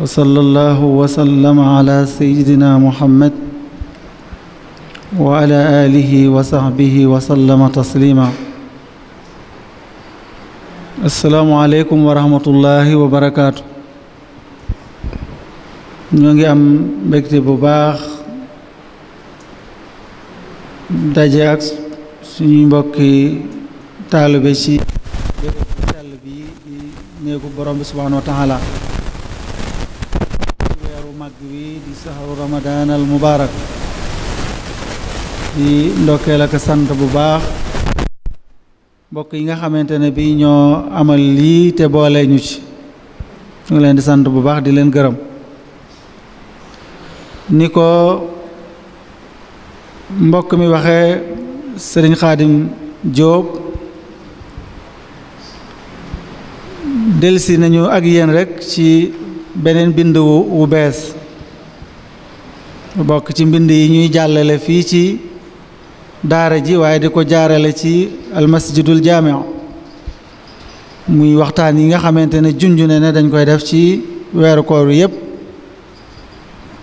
وصلى الله وسلم على سيدنا محمد وعلى آله وصحبه وسلم تسليما السلام عليكم ورحمة الله وبركاته ñoo ngi am mbégte bu baax daje ak suñu mbokki taalibe ci béréb bu bi di néegu borom bi subhaanahu wa taala ramadan al mubarak di ndokkeel ak sant bu baax mbokk yi nga xamante ne bi ñoo amal lii te boole ñu ci ñu ngi leen di sant bu baax di leen gërëm ni ko mbokk mi waxee sëriñ xaadim Jóob delsi nañu ak yéen rekk ci beneen bind wu bees bokk ci mbind yi ñuy jàllale fii ci daara ji waaye di ko jaarale ci almasjidul jaamiu muy waxtaan yi nga xamante ne junj ne ne dañ koy def ci weeru koor yépp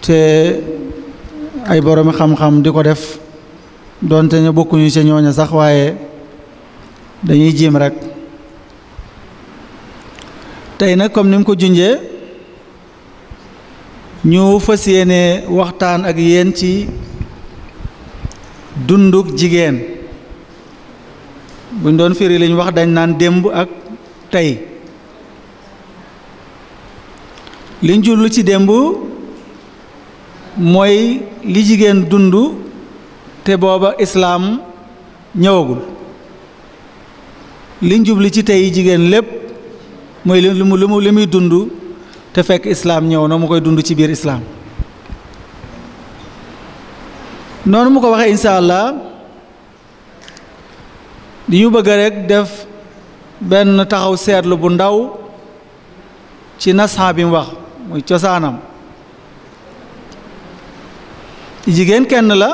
te ay boroomi xam-xam di ko def donte ne bokkuñu ci sax waaye dañuy jiim rek tey na comme ni mu ko junjee ñu fas yéene waxtaan ak yéen ci dunduk jigéen buñ doon firi liñ wax dañ naan démb ak tey liñ jullu ci démb mooy li jigéen dund te booba islaam ñëwagul li jubli ci tey jigéen lépp mooy li mu li muy dund te fekk islaam ñëw na mu koy dund ci biir islaam noonu mu ko waxee incha allah di ñu bëgg rek def benn taxaw seetlu bu ndaw ci nasxaa bi mu wax muy cosaanam jigéen kenn la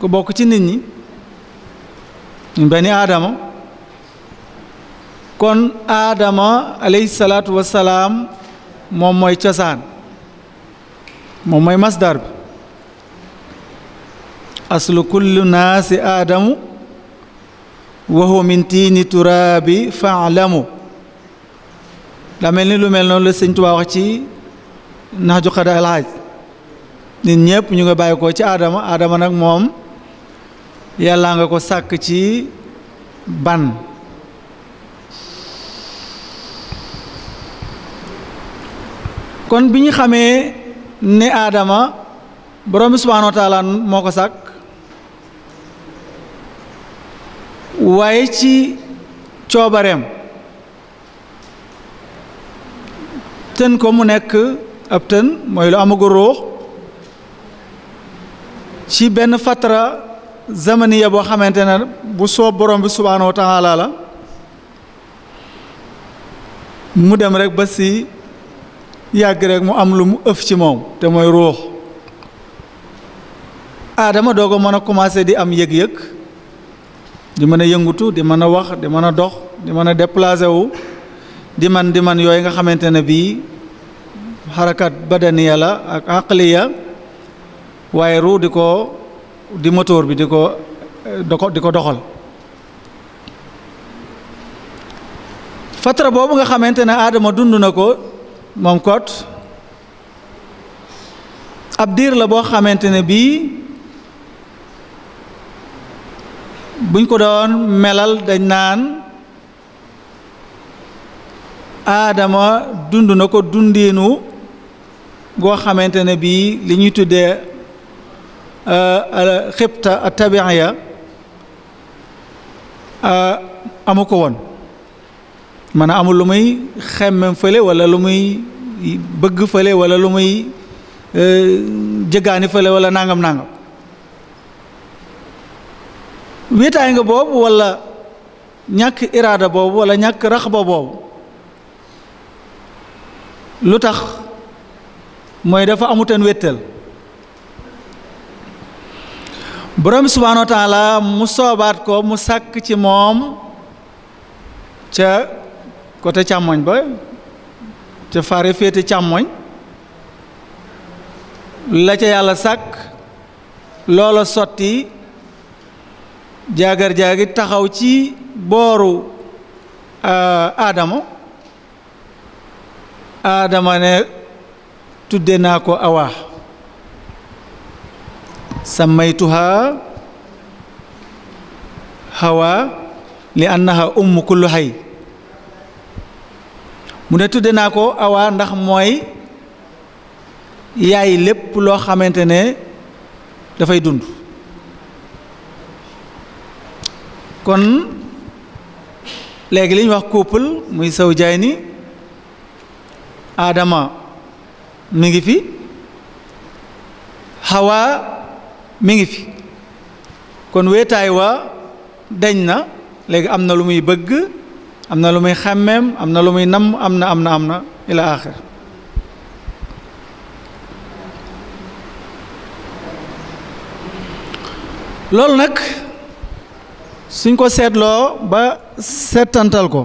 ko bokk ci nit ñi ñu bani aadama kon aadama alayhi salaatu wassalaam moom mooy cosaan moom mooy masdar bi aslu kullu ci aadamu wa huwa min tiini turaabi faalamu daa mel ni lu mel noonu la sëñ Tuubaa wax ci nax ju xada alxaaj nit ñëpp ñu nga bàyyi ko ci aadama aadama nag moom yàlla nga ko sàkk ci ban kon bi ñu xamee ne aadama borom bi subhaanahu wa moo ko sàkk waaye ci coobareem tën ko mu nekk ab tën mooy lu amagu ruux ci benn fatara zamaniya boo xamante ne bu soob borom bi subhaanahu wa la mu dem rek ba si yàgg rek mu am lu mu ëf ci moom te mooy ruux aadama doo ko mën a commencé di am yëg-yëg di mën a yëngutu di mën a wax di mën a dox di mën a déplacé wu di man di man yooyu nga xamante ne bii xarakat badaniya la ak aqliya waaye ruu di ko di motoor bi di ko di ko doxal fatra boobu nga xamante ne aadama dund na ko moom kot ab diir la boo xamante ne bii buñ ko doon melal dañ naan aadama dund na ko dundiinu goo xamante ne bii li ñuy tuddee euh, xibta tabiya euh, amu ko woon man a amul lu muy xemmem fële wala lu muy bëgg fële wala lu muy euh, jëgaani fële wala nàngam nangam wéetaay nga boobu wala ñàkk iraada boobu wala ñàkk raxba boobu lu tax mooy dafa amuteen wéttal borom subhaanahu wa mu soobaat ko mu sàkk ci moom ca côté càmmoñ ba te fare féete càmmoñ la ca yàlla sàkk loola sotti jaagar jaagi taxaw ci booru euh, aadama aadama ne tudde naa ko awa sammaytuha hawa li annaha umm kullu hay mu ne tudde naa ko awa ndax mooy yaay lépp loo xamante ne dafay dund kon léegi liñ ñu wax couple muy saw jaay ni aadama mi ngi fi xawa mi ngi fi kon wéetaay wa dañ na léegi am na lu muy bëgg am na lu muy xàmmeem am na lu muy am na am na am na ila loolu nag suñ ko seetloo ba seetantal ko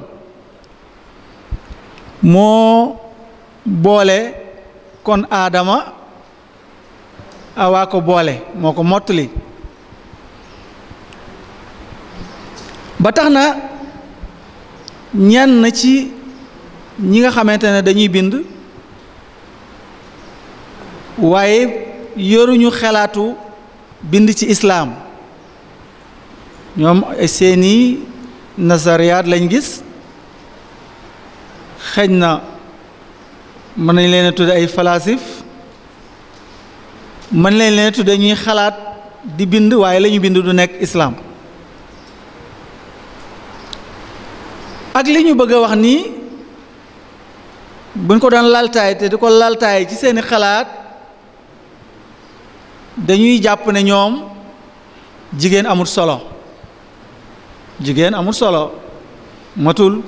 moo boole kon aadama awaa ko boole moo ko mottali ba tax na na ci ñi nga xamante ne dañuy bind waaye yoruñu xalaatu bind ci islaam ñoom seeni nazariyaat lañ gis xëj na mën nañ leen a ay falasif mën nañ leen a tudde ñuy xalaat di bind waaye lañu bind du nekk islaam ak li ñu bëgg a wax nii buñ ko daan laltaay te di ko laltaay ci seeni xalaat dañuy jàpp ne ñoom jigéen amul solo jigéen amul solo matul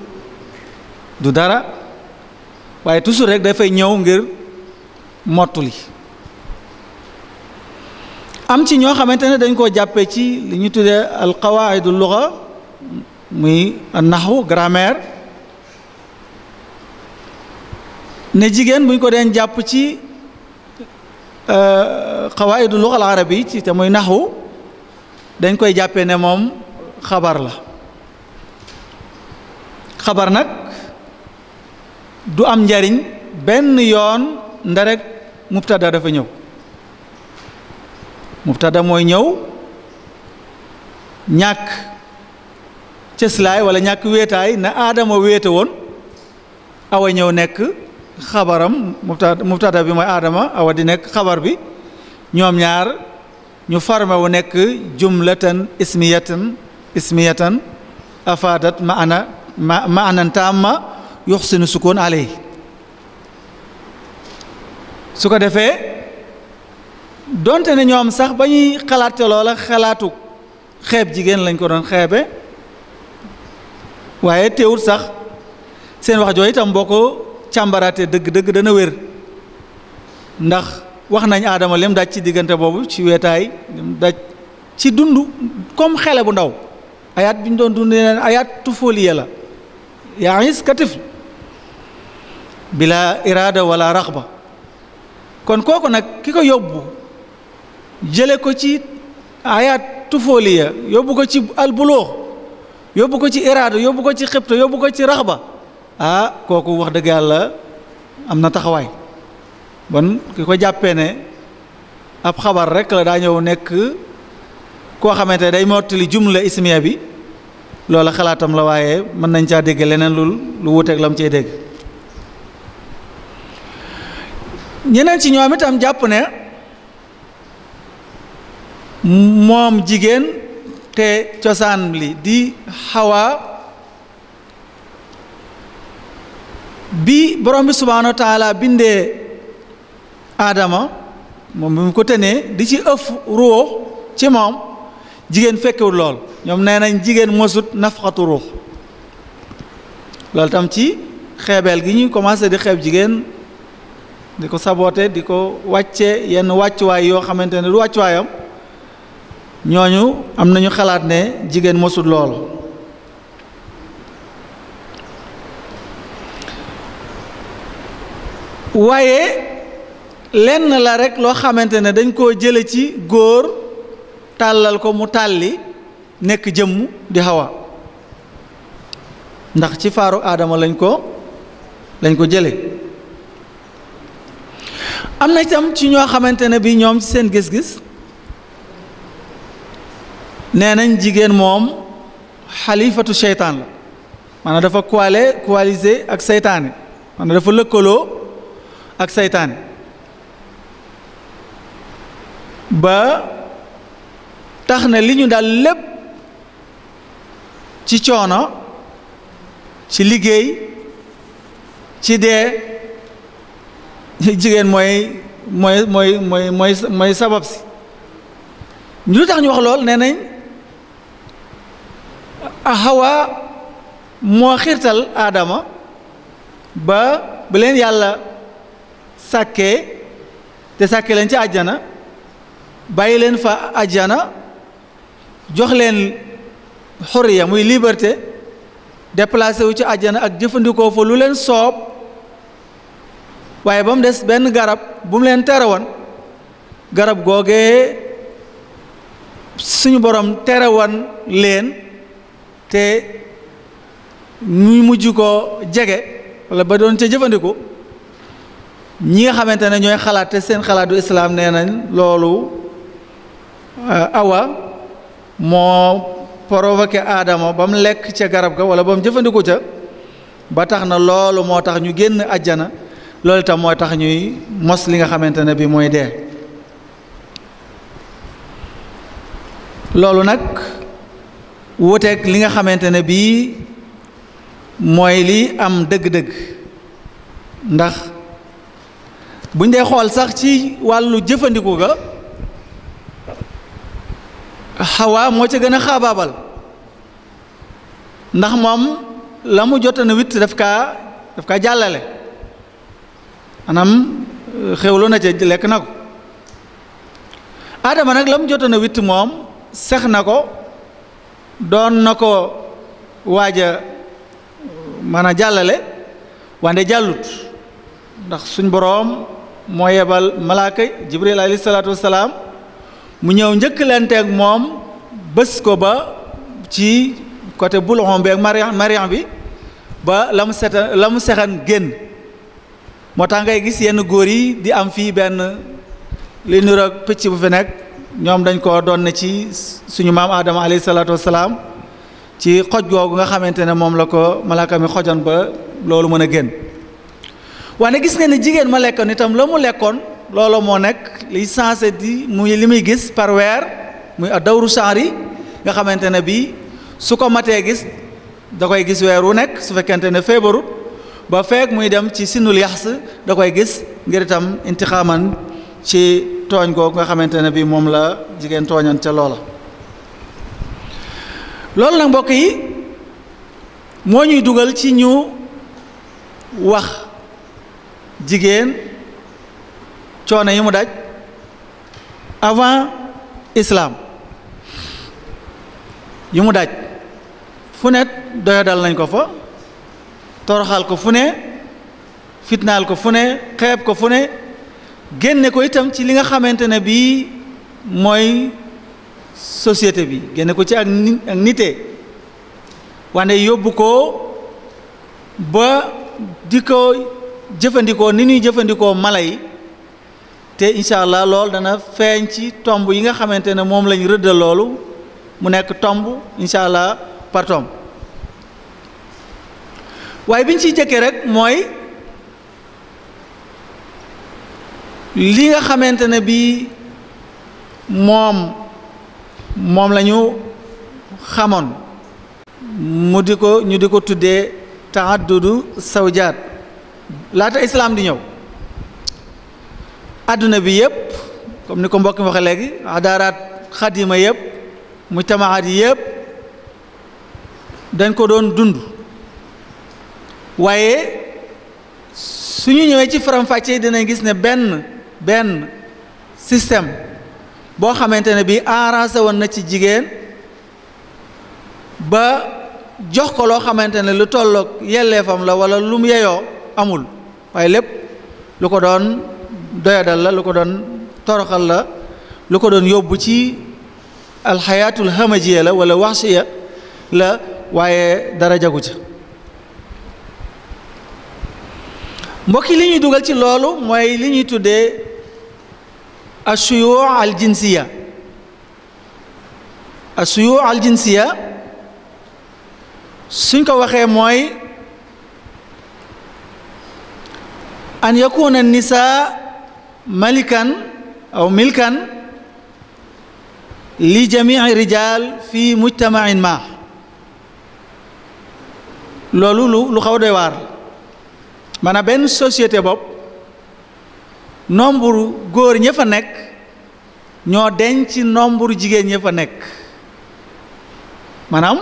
du dara waaye toujours rek dafay ñëw ngir li am ci ñoo xamante ne dañ koo jàppe ci li ñu tuddee du luga muy naxwu grammaire ne jigéen buñ ko deen jàpp ci euh, xawaidu luxal arabi ci te muy naxwu dañ koy jàppe ne moom xabar la xabar nag du am njariñ benn yoon nda rek mubtada dafa ñëw mubtada mooy ñëw ñàkk cëslaay wala ñàkk wéetaay na aadama wéete woon awa ñëw nekk xabaram mubtada mubtada bi mooy aadama awa di nekk xabar bi ñoom ñaar ñu farme wu nekk jumlatan ismiyatan ismiyatan afadat maana ma maanan yox yuxsinu sukoon aley su ko defee donte ne ñoom sax ba ñuy xalaat ca loola xalaatu xeeb jigéen lañ ko doon xeebe waaye teewul sax seen wax joo itam boo ko càmbaraatee dëgg dëgg dana wér ndax wax nañ aadama lim daj ci diggante boobu ci weetaay lim daj ci dund comme xele bu ndaw ayaat bi ñu doon dund neen ayaat tufooliya la yaa ngis katif bila iraada wala raxba kon kooku nag ki ko yóbbu jële ko ci ayaat tufooliya yóbbu ko ci albuloo yóbbu ko ci iraada yóbbu ko ci xibta yóbbu ko ci raxba ah kooku wax dëgg yàlla am na taxawaay bon ki ko jàppee ne ab xabar rek la daa ñëw nekk koo xamante day mottali jumla ismiya bi loola xalaatam la waaye mën nañ caa dégg leneen lu lu wuuteeg la mu cee dégg ñeneen ci ñoom itam jàpp ne moom jigéen te cosaan li di xawaa bi borom bi subhaanahu wa bindee aadama moom bi mu ko tënee di ci ëf ruux ci moom jigéen fekkewul lool ñoom nee nañ jigéen mosut nafxatu ruux loolu tam ci xeebeel gi ñuy commencé di xeeb jigéen di ko saboote di ko wàcce yenn wàccuwaay yoo xamante ne du wàccuwaayam ñooñu am nañu xalaat ne jigéen mosut loolu waaye lenn la rekk loo xamante ne dañ koo jële ci góor tàllal ko mu tàlli nekk jëmm di Hawa ndax ci faaru aadama lañ ko lañ ko jële am na itam ci ñoo xamante ne bi ñoom ci seen gis-gis nee nañ jigéen moom xalifatu seytaan la maanaam dafa coale coalisé ak seytaane maanaam dafa lëkkaloo ak seytaane ba tax na li ñu dal lépp ci coono ci liggéey ci dee jigéen mooy mooy mooy mooy mooy sabab si lu tax ñu wax lool nee nañ Hawa moo xiirtal aadama ba bu leen yàlla sàkkee te sàkkee leen ci àjjana bàyyi leen fa àjjana jox leen xuriya muy liberté déplacé wu ci àjjana ak jëfandikoo fa lu leen soob waaye ba mu des benn garab bu mu leen tere garab googee suñu borom terewan leen te ñuy mujj ko jege wala ba doon ca jëfandiku ñi nga xamante ne ñooy xalaat te seen xalaatu islaam nee nañ loolu euh, awa moo provoqué aadama ba mu lekk ca garab ga wala ba mu jëfandiku ca ba tax na loolu moo tax ñu génn àjjana loolu itam moo tax ñuy mos li nga xamante ne bi mooy dee loolu nag wuuteeg li nga xamante ne bii mooy li am dëgg-dëgg ndax buñ dee xool sax ci wàllu jëfandiku ga xawaa moo ca gën a xaabaabal ndax moom la mu na witt daf kaa daf kaa jàllale anam euh, xewlu na ca lekk na ko aadama nag la mu na witt moom sex na ko doon na ko waaja mën a jàllale wande jàllut ndax suñ boroom moo yebal malaaka jibril alayhi salaatu wasalaam mu ñëw njëkkalanteeg moom bés ko ba ci côté boulon bi ak marian bi ba la mu seta la mu sexan génn moo tax ngay gis yenn góor yi di am fii benn li nuroog picc bu fi nekk ñoom dañ ko doon ci suñu maam Adama alayhi salaatu wasalaam ci xoj googu nga xamante ne moom la ko malaaka mi xojoon ba loolu mën a génn waaye gis nga ni jigéen ma lekkoon itam la mu lekkoon loolu moo nekk liy sensé di muy li muy gis par weer muy dawru saar nga xamante ne bii su ko matee gis da koy gis weer wu nekk su fekkente ne feebarut ba feek muy dem ci sinul yaxs da koy gis ngir itam intixaaman ci tooñ googu nga xamante ne bii moom la jigéen tooñoon ca loola loolu nag mbokk yi moo ñuy dugal ci ñu wax jigéen coono yi mu daj avant islaam yi mu daj fu ne doyadal nañ ko fa toroxal ko fu ne fitnaal ko fu ne xeeb ko fu ne génne ko itam ci li nga xamante ne bii mooy société bi génne ko ci ak ni ak nite wante yóbbu ko ba di ko jëfandikoo ni ñuy jëfandikoo mala yi te incha allah lool dana feeñ ci tomb yi nga xamante ne moom lañ rëddal loolu mu nekk tomb incha allah par tomb waaye biñ ciy jëkkee rek mooy li nga xamante ne bii moom moom lañu ñu xamoon mu di ko ñu di ko tuddee taaddudu sawjaat laata islaam di ñëw àdduna bi yëpp comme ni ko mbokk mi waxe léegi adaaraat yépp yëpp mujtamaat yi yëpp dañ ko doon dund waaye su ñu ñëwee ci faram-fàccee dinañ gis ne benn benn système boo xamante ne bii arrangé woon na ci jigéen ba jox ko loo xamante ne lu tolloog yelleefam la wala lu mu yeyoo amul waaye lépp lu ko doon doyadal la lu ko doon toroxal la lu ko doon yóbbu ci alxayaatul hamajiya la wala waxsiya la waaye dara jagu ca mbokki li ñuy dugal ci loolu mooy li ñuy tuddee ashuyuu aljinsiya aljinsiya suñ ko waxee mooy an yakuna nisaa malikan aw milkan li jamici rijaal fi mujtamacin ma loolu lu lu xaw doy benn société bopp nombre góor ña fa nekk ñoo deñ ci nombre jigéen ña fa nekk maanaam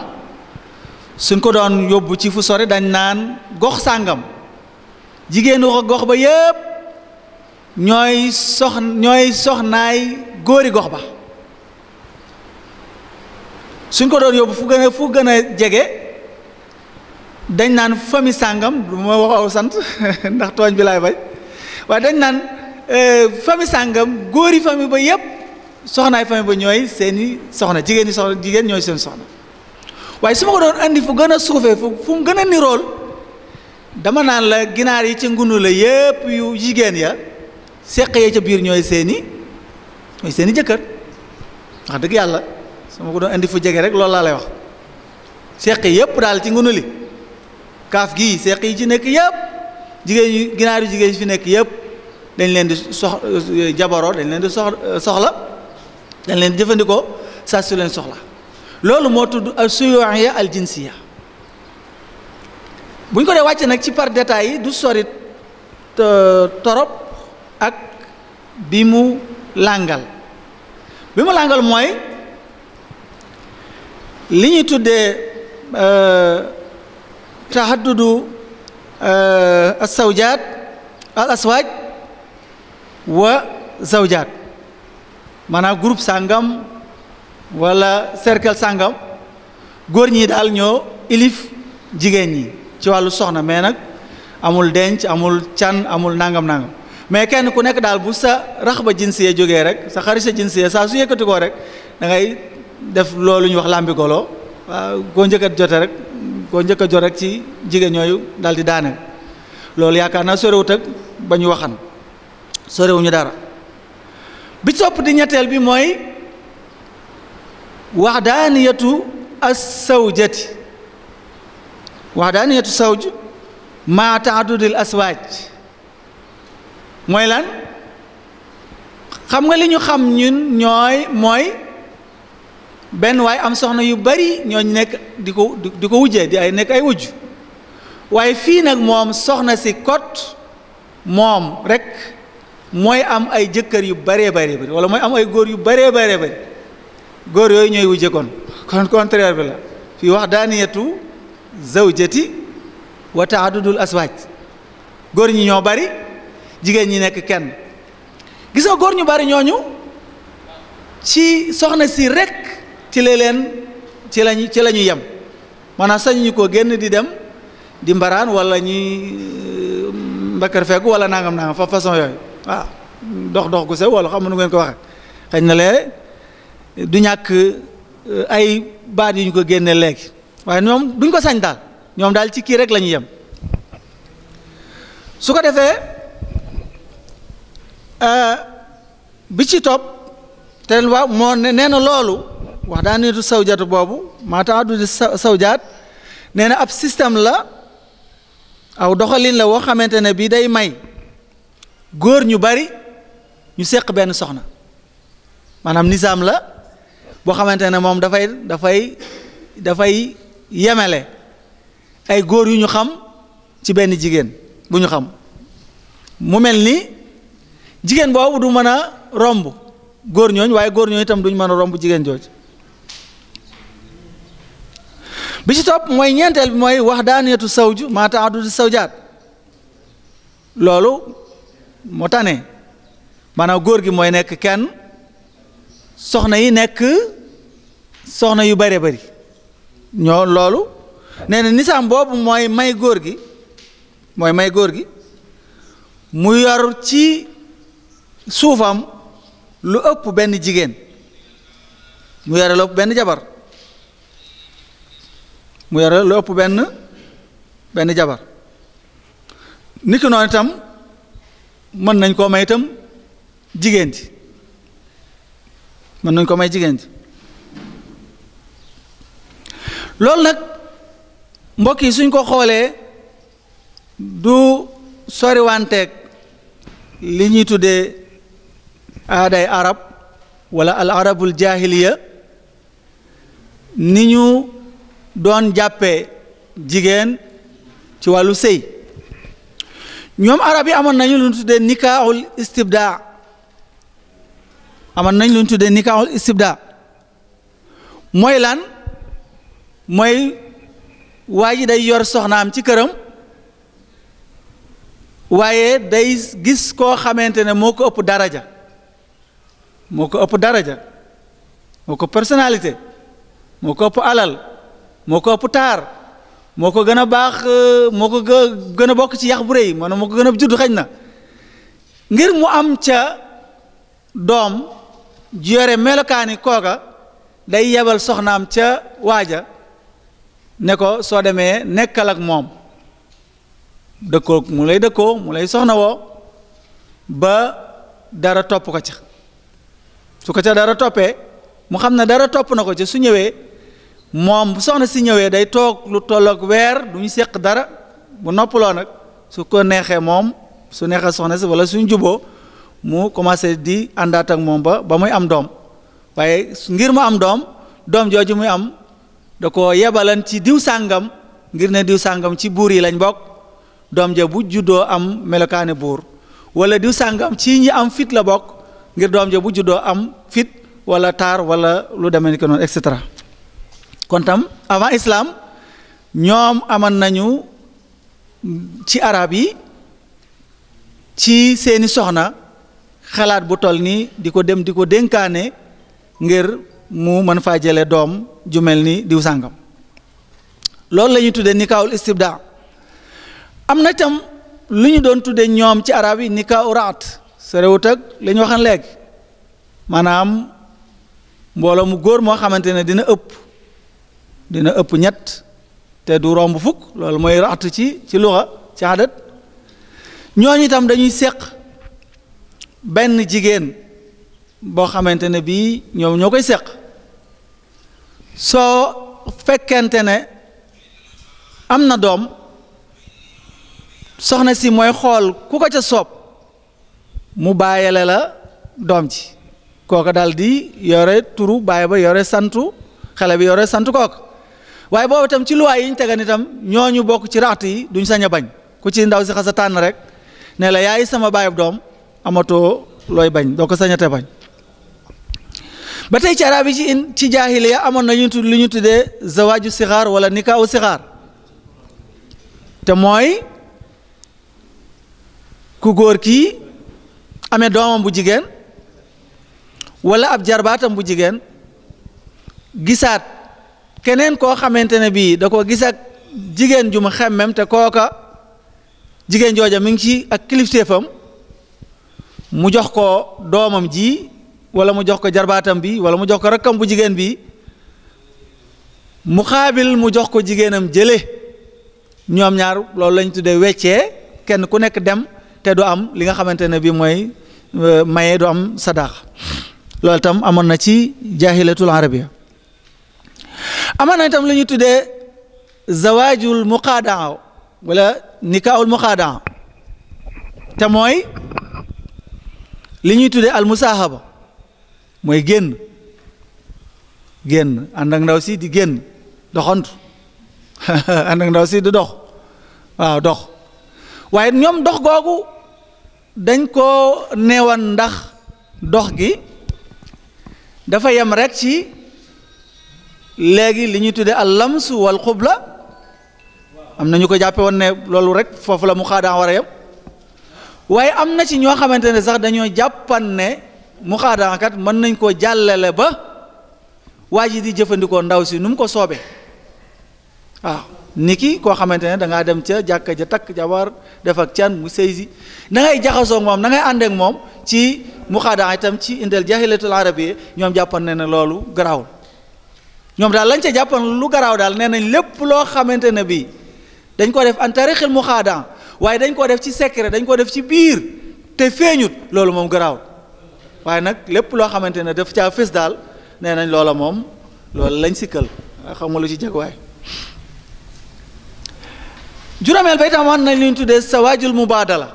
suñ ko doon yóbbu ci fu sore dañ naan gox sàngam jigéenu gox ba yépp ñooy sox ñooy soxnaay góori gox ba suñ ko doon yóbbu fu gën a fu gën a jege dañ naan fami sàngam du ma sant ndax tooñ bi lay bay waaye dañ naan Euh, famille sàngam góori famille ba yépp soxnaay famille ba ñooy seeni soxna jigéen ñi soxna jigéen ñooy seen soxna waaye su ma ko doon indi fu gën a suufee fu fu mu gën a nirool dama naan la ginaar yi ci ngunu la yépp yu jigéen ya seq ya ca biir ñooy seeni ñooy seeni jëkkër wax dëgg yàlla su ma ko doon andi fu jege rek loolu laa lay wax seq yépp daal ci ngunu li kaaf gi seq yi ci nekk yépp jigéen yu ginaar yu jigéen yi fi nekk yépp dañ leen di dañ leen di sox soxla dañ leen di jëfandikoo saa su leen soxla loolu moo tudd al suyuuya al jinsiya bu ñu ko dee wàcce nag ci par détails yi du sori torop ak bi mu làngal bi mu làngal mooy li ñuy tuddee euh, tahaddudu euh, as-zawjaat al aswaaj wa zawjaat maanaam group sàngam walla cercle sàngam góor ñi daal ñoo ilif jigéen ñi ci wàllu soxna mais nag amul denc amul can amul nangam nangam mais kenn ku nekk daal bu sa rax ba jinsiye jógee rek sa xarit sa jinsiye saa su yëkkati koo rek da ngay def loolu ñu wax làmbi golo waaw koo njëkk jote rek koo njëkk a jot rek ci jigéen ñooyu daal di daane loolu yaakaar naa sorewut ak ba ñu waxan sorewuñu dara bi topp di ñetteel bi mooy waxdaaniyatu assawjati waxdaaniyatu sawj maa taadudil aswaaj mooy lan xam nga li ñu xam ñun ñooy mooy benn waaye am soxna yu bari ñooñ nekk di ko di ko wujjee di ay nekk ay wujj waaye fii nag moom soxna si kot moom rekk mooy am ay jëkkër yu baree baree bari wala mooy am ay góor yu baree baree bari góor yooyu ñooy wujje kon kon bi la fii wax daaniyatu zawjati wa taadudul aswaaj góor ñi ñoo bari jigéen ñi nekk kenn gisoo nga góor ñu bari ñooñu ci soxna si rekk ci leen ci lañu ci la yem maanaam sañu ñu koo génn di dem di mbaraan wala ñuy euh, mbakkar fegu wala nangam nangam fa façon yooyu waaw ah, dox dox gu sew wala xam nu ngeen ko waxe xañ na lee du ñàkk eh, ay baat yu ñu ko génne léegi waaye ñoom duñ ko sañ daal ñoom daal ci kii rek la ñuy yem su ko defee eh, bi ci topp te waa moo nee na loolu wax daa nitu sawjaatu boobu maa tax du di sawjaat nee na ab système la aw doxalin la woo xamante ne bii day may góor ñu bari ñu seq benn soxna maanaam nisaam la boo xamante ne moom dafay dafay dafay yemele ay góor yu ñu xam ci benn jigéen bu ñu xam mu mel ni jigéen boobu du mën a romb góor ñooñ waaye góor ñooñ itam duñ mën a romb jigéen jooj bi ci topp mooy ñeenteel bi mooy wax daaniyatu sawju maa taaddu sawjaat loolu mu tane maanaam góor gi mooy nekk kenn soxna yi nekk soxna yu bare bari ñoo loolu nee na nisaam boobu mooy may góor gi mooy may góor gi mu yor ci suufam lu ëpp benn jigéen mu yore lu ëpp benn jabar mu yor lu ëpp benn benn jabar niki noonu mën nañ koo may itam jigéen ji mën nañ ko may jigéen ji loolu nag mbokk yi suñ ko xoolee du soriwanteeg li ñuy tuddee aaday arab wala al arabul jaahiliya ni ñu doon jàppe jigéen ci wàllu sëy ñoom arab yi amoon nañu lu ñu tuddee nikaahul istibdaa amoon nañ lu ñu tuddee nikaahul istibdaa mooy lan mooy waa ji day yor soxnaam ci këram waaye day gis koo xamante ne moo ko ëpp daraja moo ko ëpp daraja moo ko personnalité moo ko ëpp alal moo ko ëpp taar moo ko gën a baax euh, moo ko gën a bokk ci yax bu rëy maanaam moo ko gën a judd xañ na ngir mu am ca doom ju yore melokaani kooka day yebal soxnaam ca waaja ne ko soo demee nekkal ak moom dëkkoo mu lay dëkkoo mu lay soxna woo ba dara topp ko ca su ko ca dara toppee mu xam ne dara topp na ko ca su ñëwee moom bu soxna si ñëwee day toog lu tolloog weer du ñu seq dara bu noppaloo nag su ko neexee moom su neexee soxna si wala suñ juboo mu commencé di àndaat ak moom ba ba muy am doom waaye ngir mu am doom doom jooju muy am da ko yebalan ci diw sàngam ngir ne diw sàngam ci buur yi lañ bokk doom ja bu juddoo am melokaani buur wala diw sàngam ci ñi am fit la bokk ngir doom ja bu juddoo am fit wala taar wala lu demee ni ko noonu et cetera kon tam avant islaam ñoom aman nañu ci araab yi ci seeni soxna xalaat bu toll nii di ko dem di ko dénkaane ngir mu mën faa jële doom ju mel ni diw sàngam loolu la tuddee nikaawul istibda am na tam lu ñu doon tuddee ñoom ci araab yi nikaawu raat sa réwut ak la ñu waxan maanaam mbooloo mu góor moo xamante ne dina ëpp dina ëpp ñett te du romb fukk loolu mooy raxtu ci ci luxa ci adat ñooñu itam dañuy seq benn jigéen boo xamante ne bii ñoom ñoo koy seq soo fekkente ne am na doom soxna si mooy xool ku ko ca soob mu bàyyale la doom ji kooka dal di yore turu baay ba yore santu xale bi yore sant kooka waaye boobu itam ci luwaay yi ñu tegan itam ñooñu bokk ci raxt yi duñ sañ a bañ ku ci ndaw si xas tànn rek ne la yaay sama baayub doom amatoo looy bañ doo ko sañate bañ ba tey ci arab ci in ci jaahiliya amoon na ñu tudd lu ñu tuddee zawaaju sixaar wala nikaawu sixaar te mooy ku góor kii ame doomam bu jigéen wala ab jarbaatam bu jigéen gisaat keneen koo xamante ne bii da ko gis ak jigéen ju mu xemmem te kooka jigéen jooja mi ngi ci ak kilifteefam mu jox ko doomam ji wala mu jox ko jarbaatam bi wala mu jox ko rakkam bu jigéen bi mu xaabil mu jox ko jigéenam jële ñoom ñaar loolu lañ tuddee weccee kenn ku nekk dem te du am li nga xamante ne bii mooy euh, maye du am sadaax loolu itam amoon na ci jaahilatul arabia amaana itam la ñu tuddee zawaajul muqaadaa wala nikaawul muqaadaa te mooy li ñuy tuddee al musaahaba mooy génn génn ànd ak ndaw si di génn doxantu ànd ak ndaw si di dox waaw dox waaye ñoom dox googu dañ koo neewoon ndax dox gi dafa yem rekk ci léegi li ñuy tuddee al lams wal xubla am na ñu ko jàppe woon ne loolu rek foofu la mu xaadaa war a yem waaye am na ci ñoo xamante ne sax dañoo jàppan ne mu kat mën nañ koo jàllale ba waa ji di jëfandikoo ndaw si nu mu ko soobee waaw ni ki koo xamante ne dangaa dem ca jàkka ja takk jabar def can mu sëy si da ngay jaxasoo moom da ngay ànd moom ci mu itam ci indel jaahilatul arabiyya ñoom jàppan ne ne loolu garaawul ñoom daal lañ ca jàppoon lu garaw daal nee nañ lépp loo xamante ne bii dañ koo def an tarixil muxaadan waaye dañ koo def ci secret dañ koo def ci biir te feeñut loolu moom garaaw waaye nag lépp loo xamante ne daf caa fés daal nee nañ loola moom loolu lañ sikkal xam nga lu ci jagwaay juróomeel ba itam wan nañ li ñu tuddee sawaajul mubaadala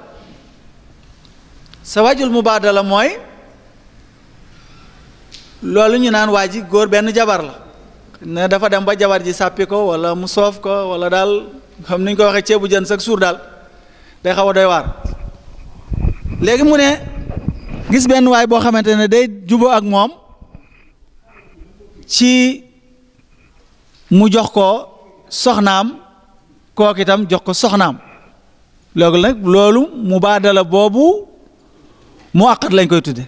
sawaajul mubaadala mooy loolu ñu naan waa ji góor benn jabar la ne dafa dem ba jabar ji sàppi ko wala mu soof ko wala daal xam ni koy ko waxee ceebu jën sax suur daal day xaw a doy waar léegi mu ne gis benn waay boo xamante ne day juboo ak moom ci mu jox ko soxnaam kook itam jox ko soxnaam loolu nag loolu mubaadala boobu mu àqat lañ koy tudde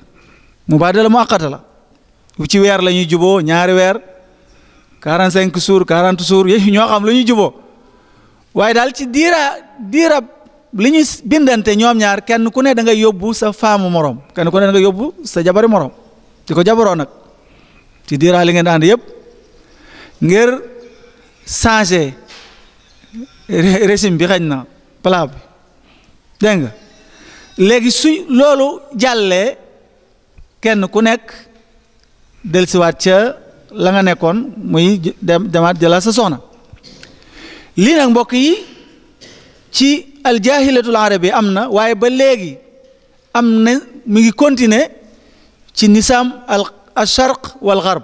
mubaadala mu àqata la ci weer lañuy ñuy juboo ñaari weer quarante cinq jours quarante jours yooyu ñoo xam lu ñu juboo waaye daal ci diira diira li ñu bindante ñoom ñaar kenn ku ne da nga yóbbu sa faamu morom kenn ku ne da nga sa jabari morom di ko jabaroo nag ci diira li ngeen di ànd yëpp ngir changer régime bi xañ na plat bi dégg nga léegi su loolu jàllee kenn ku nekk dellusiwaat ca. la nga nekkoon muy dem demaat jëlaat sa soxna lii nag mbokk yi ci aljahilatul arabi am na waaye ba léegi am na mi ngi continuer ci nisaam al alcharq wal garb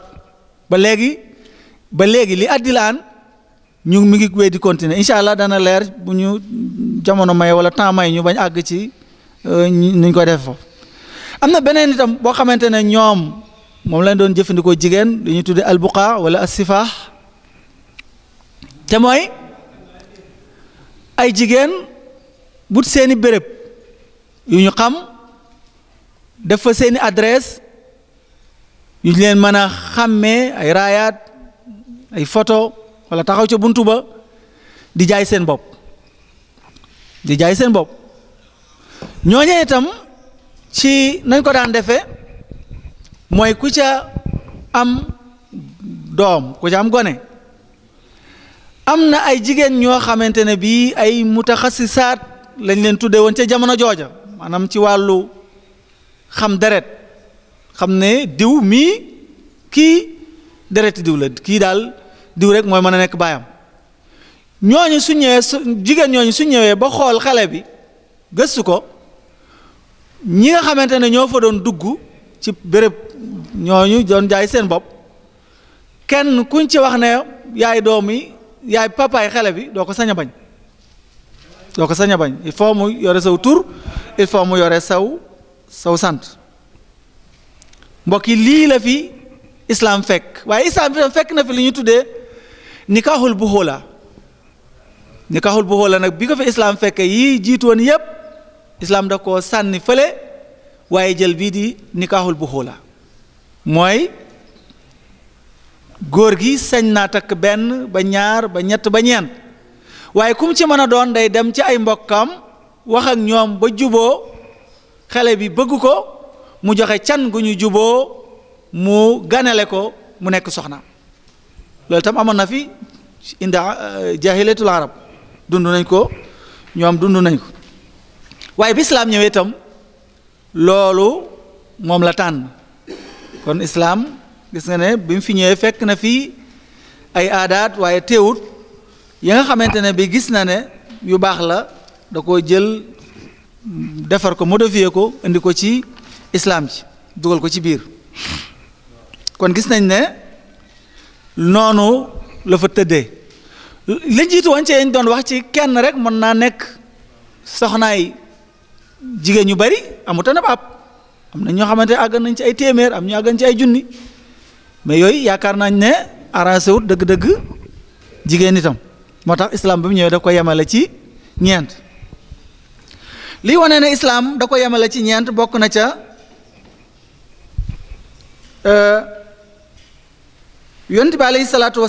ba léegi ba léegi li addi laan ñu mi ngi wéy di continuer incha allah dana leer bu ñu jamono may wala temps may ñu bañ àgg ci euh, nuñ koy def foofu am beneen itam boo xamante ñoom moom lañ doon jëfandikoo jigéen lu ñuy tudde albuqa wala asifaax te mooy ay jigéen but seeni béréb yu ñu xam def fa seeni adresse yu ñu leen mën a xàmmee ay raayaat ay photo wala taxaw ca buntu ba di jaay seen bopp di jaay seen bopp ñooñee itam ci nañ ko daan defee mooy ku ca am doom ku ca am gone am na ay jigéen ñoo xamante ne bii ay saat lañ leen tuddee woon ca jamono jooja maanaam ci wàllu xam deret xam ne diw mii kii dereti diw la kii daal diw rek mooy mën a nekk baayam ñooñu su ñëwee su jigéen ñooñu su ñëwee ba xool xale bi gëstu ko ñi nga xamante ne ñoo fa doon dugg ci bërëb ñooñu doon jaay seen bopp kenn kuñ ci wax ne yaay doomi yaay pàppaay xale bi doo ko saña bañ doo ko sañ a bañ il faut mu yore saw tur il faut mu yore sew sew sant mbokk yi lii la fi islam fekk waaye islam fekk na fi li ñu tuddee nikaaxul bu xoola nikaaxul bu xoola nag bi ko fi islam fekkee yii jiitu woon yépp islam da koo sànni fële waaye jël bii di nikaaxul bu xoola mooy góor gi sañ naa takk benn ba ñaar ba ñett ba ñeent waaye kum ci mën a doon day dem ci ay mbokkam wax ak ñoom ba juboo xele bi bëgg ko mu joxe can gu ñu juboo mu ganale ko mu nekk soxna loolu tam amoon na fi inda euh, jahilatul arab dund nañ ko ñoom dund nañ ko waaye bi islaam ñëwee itam loolu moom la tànn kon islaam gis na ne bi mu fi ñëwee fekk na fii ay aadaat waaye teewut ya nga xamante ne bi gis na ne yu baax la da ko jël defar ko modifier ko indi ko ci islaam ci dugal ko ci biir kon gis nañ ne noonu la fa tëddee lañ jiitu woon ci yañ doon wax ci kenn rek mën naa nekk soxnaay jigéen ñu bari amutoon ab am na ñoo xamante ne àggan nañ ci ay téeméer am ñu àggan ci ay junni mais yooyu yaakaar nañ ne arrangé wut dëgg-dëgg jigéen itam moo tax islaam bi mu ñëwee da ko yemale ci ñeent lii wane ne islam da ko yemale ci ñeent bokk na ca euh, yonent bi aleyhi salaatu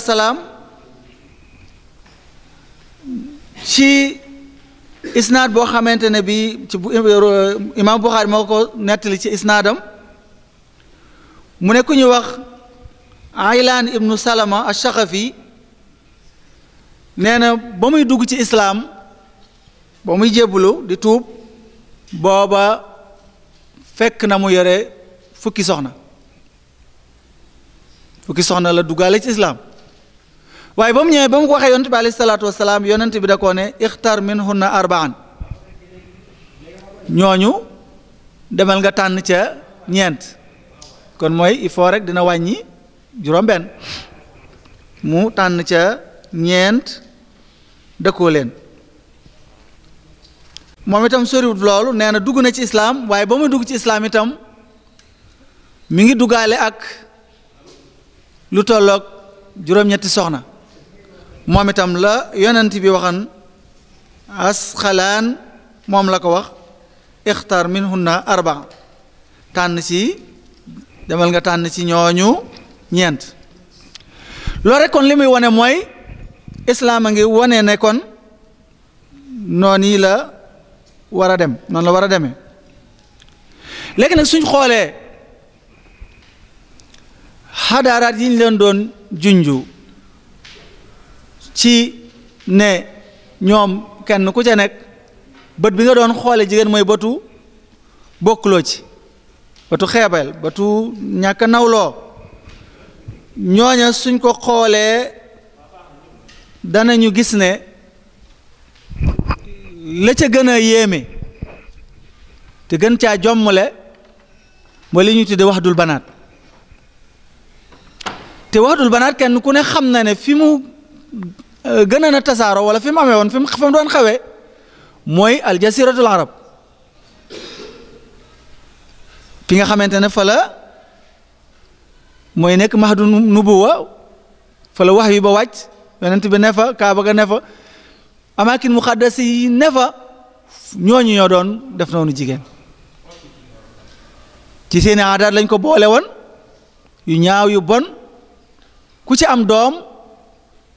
ci isnaad boo xamante ne bi ci bu euh, imaam Buxaari moo ko nettali ci isnaadam mu ne ku ñu wax aylaan ibnu salama achaxafi nee na ba muy dugg ci islaam ba muy jébbalu di tuub booba fekk na mu yore fukki soxna fukki soxna la duggaale ci islaam waaye ba mu ñëwee ba mu ko waxee yonent bi alayhi salaatu wasalaam yonent bi da koo ne ixtar min ñooñu demal nga tànn ca ñeent kon mooy il faut rek dina wàññi juróom-benn mu tànn ca ñeent dëkkoo leen moom itam soriwut loolu nee na dugg na ci islaam waaye ba muy dugg ci islaam itam mu ngi duggaale ak lu tollook juróom-ñetti soxna moom itam la yonent bi waxan asxalaan moom la ko wax ixtar minhunna arban tànn ci demal nga tànn ci ñooñu ñeent loolu rek kon li muy wane mooy islaam a ngi wone ne kon noonu yi la war a dem noonu la war a demee léegi nag suñ xoolee xadaaraat yiñ leen doon junju ci ne ñoom kenn ku ca nekk bët bi nga doon xoole jigéen mooy bëtu bokkuloo ci bëtu xeebeel bëtu ñàkk nawloo ñooña suñ ko xoolee dana ñu gis ne la ca gën a yéeme te gën caa jommale mooy li ñuy tëdd wax dul banaat te wax dul banaat kenn ku ne xam na ne fi mu gën na tasaaro wala fi mu amee woon fi mu fa doon xawee mooy aljasiratul arab fi nga xamante ne fala mooy nekk mahdu nubuwa fa la wax wi ba wàcc yonent bi ne fa kaaba ga fa amaakin muqaddas yi ne fa ñooñu ñoo doon def noonu jigéen ci seeni aadaat lañ ko boole woon yu ñaaw yu bon ku ci am doom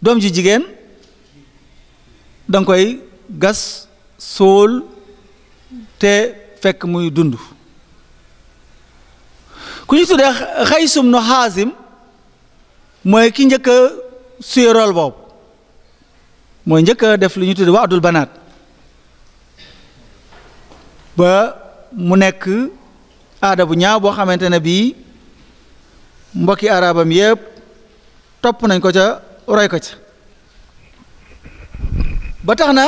doom ji jigéen da nga koy gas sóol te fekk muy dund ku ñu tuddee xaysum nu xaasim mooy ki njëkka a suyee boobu mooy njëkk def li ñu tuddee waadul banaat ba mu nekk aada bu ñaaw boo xamante ne bii mbokki arabam yépp topp nañ ko ca roy ko ca ba tax na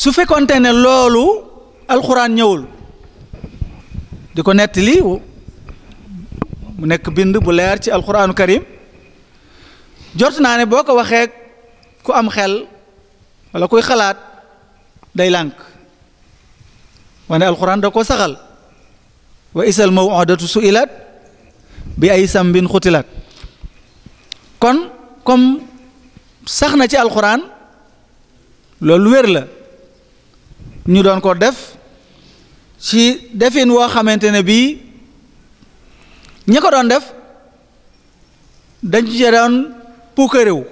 su fekkonte ne loolu alxuraan ñëwul di ko nettali mu nekk bind bu leer ci alxuraanu karim jot naa ne boo ko waxee ku am xel walla kuy xalaat day lànk wane alxuraan da ko saxal wa isal maw'udatu su'ilat bi ay sambin xutilat kon comme sax na ci alxuraan loolu wér la ñu doon ko def ci defin woo xamante ne bii ñi ko doon def dañ ci doon puukaréew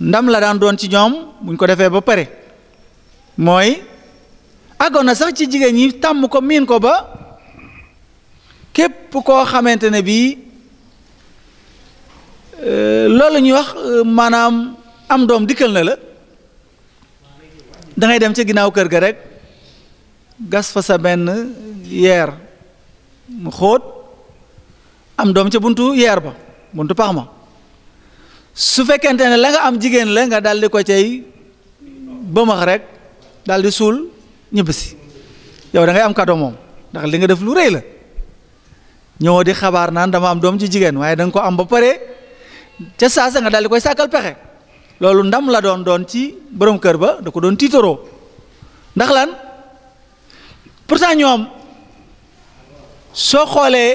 ndam la daan doon ci ñoom buñ ko defee ba pare mooy àggoon na sax ci jigéen ñi tàmm ko miin ko ba képp koo xamante ne bii Euh, loolu ñuy wax euh, maanaam am doom dikkal na la da dem ca ginnaaw kër ga rek gas fa sa benn yeer mu xóot am doom ca buntu yeer ba buntu pax ma su fekkente ne la nga am jigéen la nga daal ko cay bëmax rek daal suul ñibbisi yow da am cadeau moom ndax li nga def lu rëy la ñëwoo di xabaar naan dama am doom ci jigéen waaye danga ko am ba pare. ca saasa nga daal koy sàkkal pexe loolu ndam la doon doon ci borom kër ba da ko doon tiitaroo ndax lan pourtant ñoom soo xoolee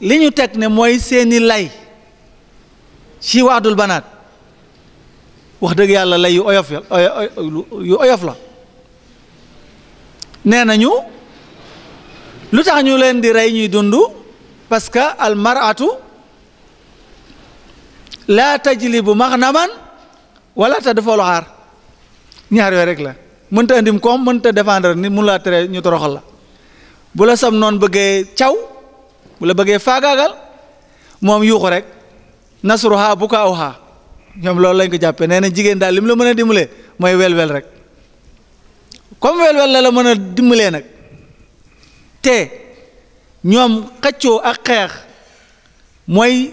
li ñu teg ne mooy seeni lay ci waadul banaat wax dëgg yàlla lay yu oyof yu oyof la nee nañu lu tax ñu leen di rey ñuy dund parce que laata bu tajlibu maxnaman wala tadfaul xaar ñaar yooyu rek la mënta andim koom mënta défendre nit mun laa tere ñu toroxal la bu la sam noon bëggee caw bu la bëggee faagaagal moom yuuxu rek nasruha bukaa'uha ñoom loolu lañ ko jàppee nee na jigéen daal li la mën a dimbalee mooy welwel rek comme welwel la la mën a dimbalee nag te ñoom xëccoo ak xeex mooy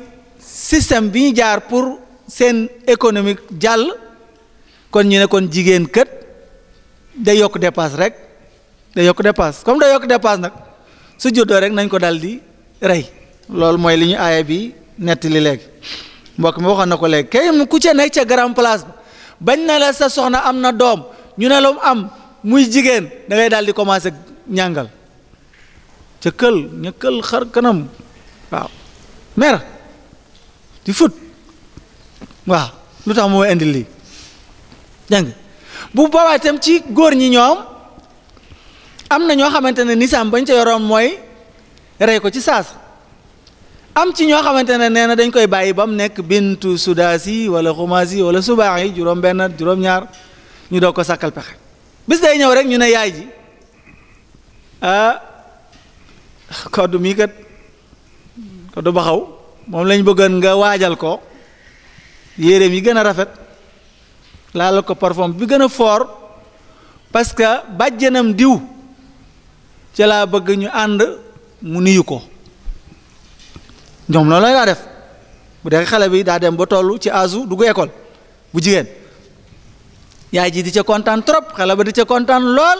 système bi ñu jaar pour seen économique jàll kon ñu ne kon jigéen kët day yokk dépasse rek day yokk dépasse comme day yokk dépasse nag su juddoo rek nañ ko dal di rey loolu mooy li ñu aaya bi nett li léegi mbokk mi waxoon na ko léegi kay ku ca nekk ca grand place bañ na la sa soxna am na doom ñu ne la mu am muy jigéen da ngay daal di commencé ñàngal ca kël kël xar kanam waaw mer di fóot waaw lu tax moo indi lii dégg bu boobaa ci góor ñi ñoom am na ñoo xamante ne nisaam bañ ca yoroon mooy rey ko ci saas am ci ñoo xamante ne nee na dañ koy bàyyi ba mu nekk bintu sudaasi wala xumaasi wala subaax yi juróom benn juróom-ñaar ñu doo ko sàkkal pexe bis day ñëw rek ñu ne yaay ji ah koddu mii kat koddu baxaw moom lañ bëggoon nga waajal ko yéreem yi gën a rafet laal ko parfum bi gën a foor parce que bàjjanam diw ca laa bëgg ñu ànd mu nuyu ko ñoom loolu lay daa def bu dee xale bi daa dem ba tollu ci asu dugg école bu jigéen yaay ji di ca kontaan trop xale ba di ca kontaan lool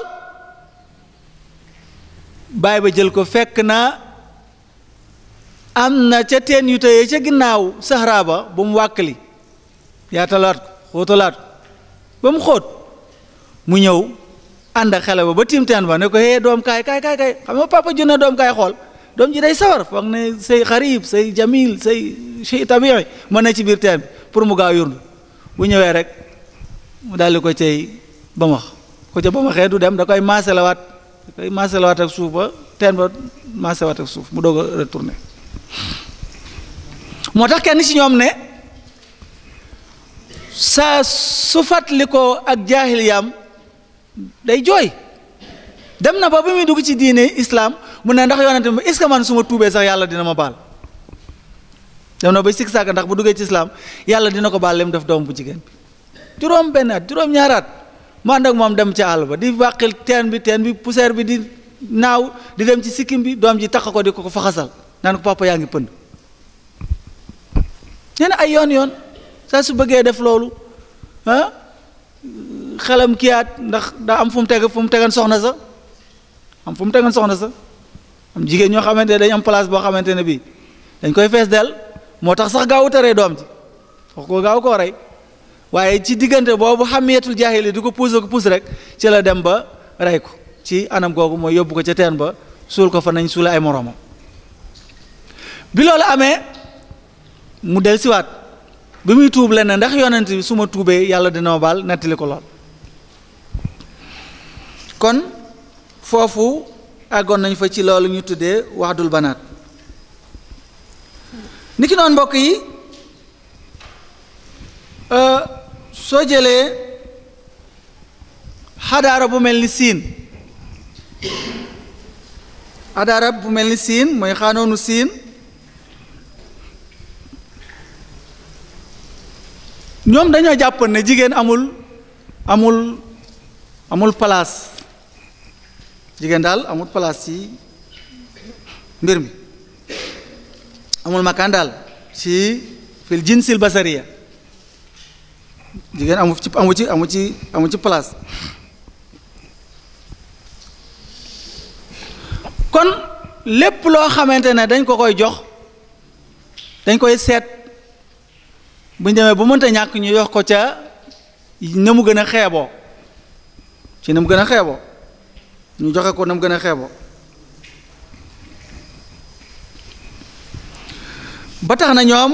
baay ba jël ko fekk na am na ca teen yu tëye ca ginnaaw saxraa ba bu mu wàkkali yaatalaat ko xóotalaat ko ba mu xóot mu ñëw ànd ak xale ba ba tiim teen ba ne ko hee doom kaay kaay kaay kaay xam nga papa junne doom kaay xool doom ji day sawar foog ne say xarib say jamil say chi tabii mën na ci biir teen bi pour mu gaaw yurdu bu ñëwee rek mu daldi ko cay ba max ko ca ba maxee du dem da koy maaselawaat da koy maaselawaat ak suuf ba teen ba maaselawaat ak suuf mu doog a retourné moo tax kenn ci ñoom ne saa su fàttali ko ak jaahiliyaam day jooy dem na ba bi muy dugg ci diine islaam mu ne ndax yonante bi est-ce que man su tuubee sax yàlla dina ma baal dem na ba sikk sàkk ndax bu duggee ci islaam yàlla dina ko baal li def doom bu jigéen bi juróom benn at juróom ñaaraat mu ànd ak moom dem ci àll ba di wàqil teen bi teen bi poussière bi di naaw di dem ci sikkim bi doom ji tax ko di ko ko faxasal naan ko papa yaa ngi pënd nee ay yoon yoon saa su bëggee def loolu ah xelam kiyaat ndax daa am fu mu teg fu mu tegan soxna sa am fu mu tegan soxna sa jigéen ñoo xamante ne dañ am place boo xamante ne bii dañ koy fees del moo tax sax gaawu tere doom ji ko gaaw koo rey waaye ci diggante boobu xàmmeetul jaahil yi di ko puus ko puus rek ci la dem ba rey ko ci anam googu mooy yóbbu ko ca teen ba suul ko fa nañ suula ay moroomam bi loolu amee mu del siwaat bi muy tuub lenn ndax yonent bi su ma tuubee yàlla dina ma baal nettali ko lool kon foofu àggoon nañu fa ci loolu ñu tuddee waxdul banaat ki noonu mbokk yi euh, soo jëlee xadaara bu mel ni siin xadaara bu mel ni siin mooy xaanoonu siin ñoom dañoo jàpp ne jigéen amul amul amul place jigéen daal amul place ci mbir mi amul makaan daal ci fil jinsil basariya jigéen amu ci amu ci amu ci amu ci place kon lépp loo xamante ne dañ ko koy jox dañ koy seet buñ demee bu mënta ñàkk ñu yox ko ca na mu gën a xeeboo ci na mu gën a xeeboo ñu joxe ko na mu gën a xeeboo ba tax na ñoom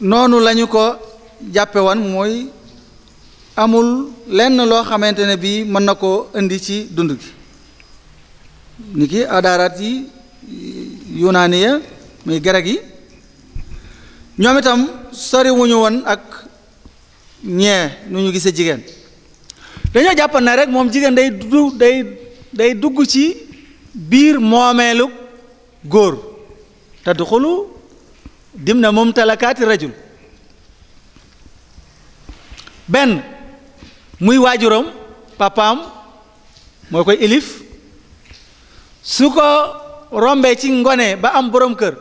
noonu lañu ko jàppe woon mooy amul lenn loo xamante ne bii mën na koo indi ci dund gi ni ki adaaraat yi yunaani ya muy gereg yi ñoom itam sori wuñu woon ak ñee nu ñu gisee jigéen dañoo jàpp ne rek moom jigéen day du day day dugg ci biir moomeelu góor tadxulu dim na moom talakaati rajul benn muy waajuram papaam moo koy ilif su ko rombee ci ngone ba am borom kër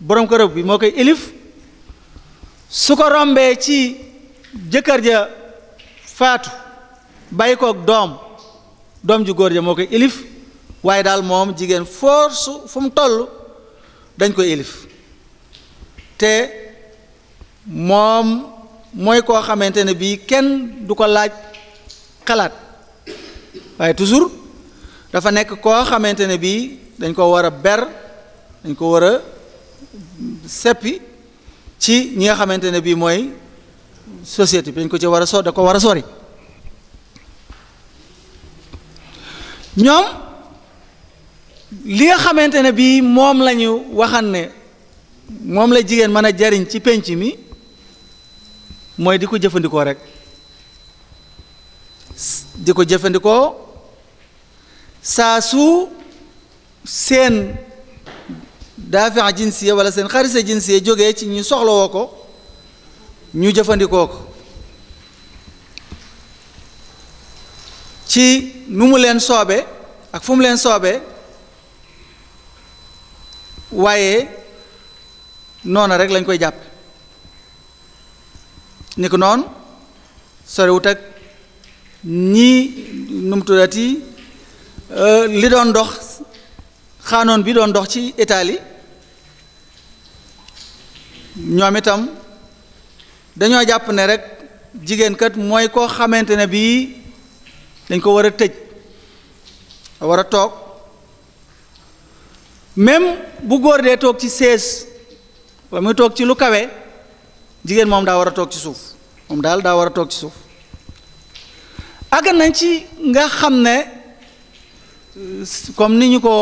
borom kër bi moo koy ilif su ko rombee ci jëkkër ja faatu bàyyi koog doom doom ju góor ja moo koy ilif waaye daal moom jigéen force fu mu toll dañ koy ilif te moom mooy koo xamante ne bii kenn du ko laaj xalaat waaye toujours dafa nekk koo xamante ne bii dañ ko war a ber dañ ko war a seppi ci ñi nga xamante ne bii mooy société bi dañ ko ci war a so da ko war a sori ñoom li nga xamante ne bii moom lañu ñu ne moom la jigéen mën a jariñ ci pénc mi mooy di ko jëfandikoo rek di ko jëfandikoo saa su seen daafia jinsiya wala seen xarisee xarisa jinsiya jógee ci ñu soxlawoo ko ñu jëfandikoo ko ci nu mu leen soobe ak fu mu leen soobee waaye noona rek lañ koy jàpp ni noon noonu sorewut ak ñii nu mu tuddati euh, li doon dox xaanoon bi doon dox ci Italie ñoom itam dañoo jàpp ne rek jigéen kat mooy koo xamante ne bii dañ ko war a tëj war a toog même bu góor dee toog ci sées wala muy toog ci lu kawe jigéen moom daa war a toog ci suuf moom daal daa war a toog ci suuf àgg nañ ci nga xam ne euh, comme ni ñu ko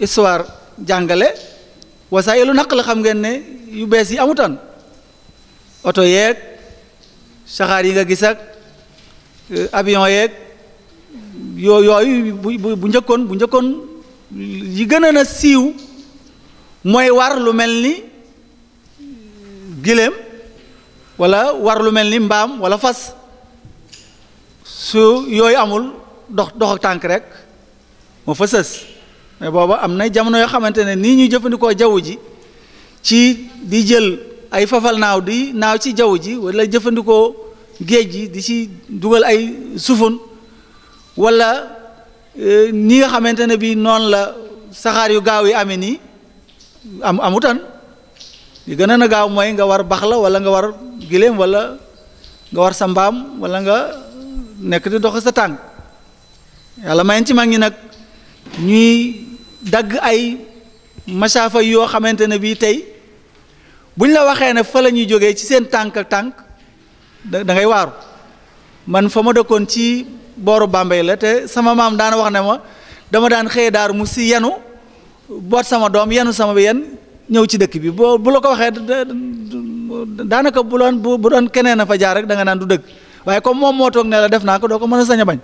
histoire jàngale wasaayilu naq la xam ngeen ne yu bees yi amutan oto yeeg saxaar yi nga gis ak euh, avion yeeg yooyu bu bu njëkkoon bu njëkkoon yi gën na siiw mooy war lu mel ni giléem wala war lu mel ni mbaam walla fas su yooyu amul dox dox tànk rek moo fa sës mais booba am na jamono yoo xamante ne nii ñuy jëfandikoo jaww ji ci di jël ay fafal naaw di naaw ci jaww ji wala jëfandikoo géej gi di ci dugal ay sufun wala euh, ni nga xamante ne bi noonu la saxaar yu gaaw yi amee nii am amutan li gën a na gaaw mooy nga war bax la wala nga war giléem wala nga war sa mbaam wala nga nekk di dox sa tànk yàlla mayen ci mag ñi nag ñuy dagg ay masaafa yoo xamante ne bii tey buñ la waxee ne fa la ñuy jógee ci seen tànk ak tànk da ngay waaru man fa ma dëkkoon ci booru Bambey la te sama maam daana wax ne ma dama daan xëye daar mu si yenu boot sama doom yenu sama bi yen ñëw ci dëkk bi boo bu la ko waxee daanaka bu doon bu doon keneen a fa jaar rek da nga naan du dëgg waaye comme moom moo toog ne la def naa ko doo ko mën a saña bañ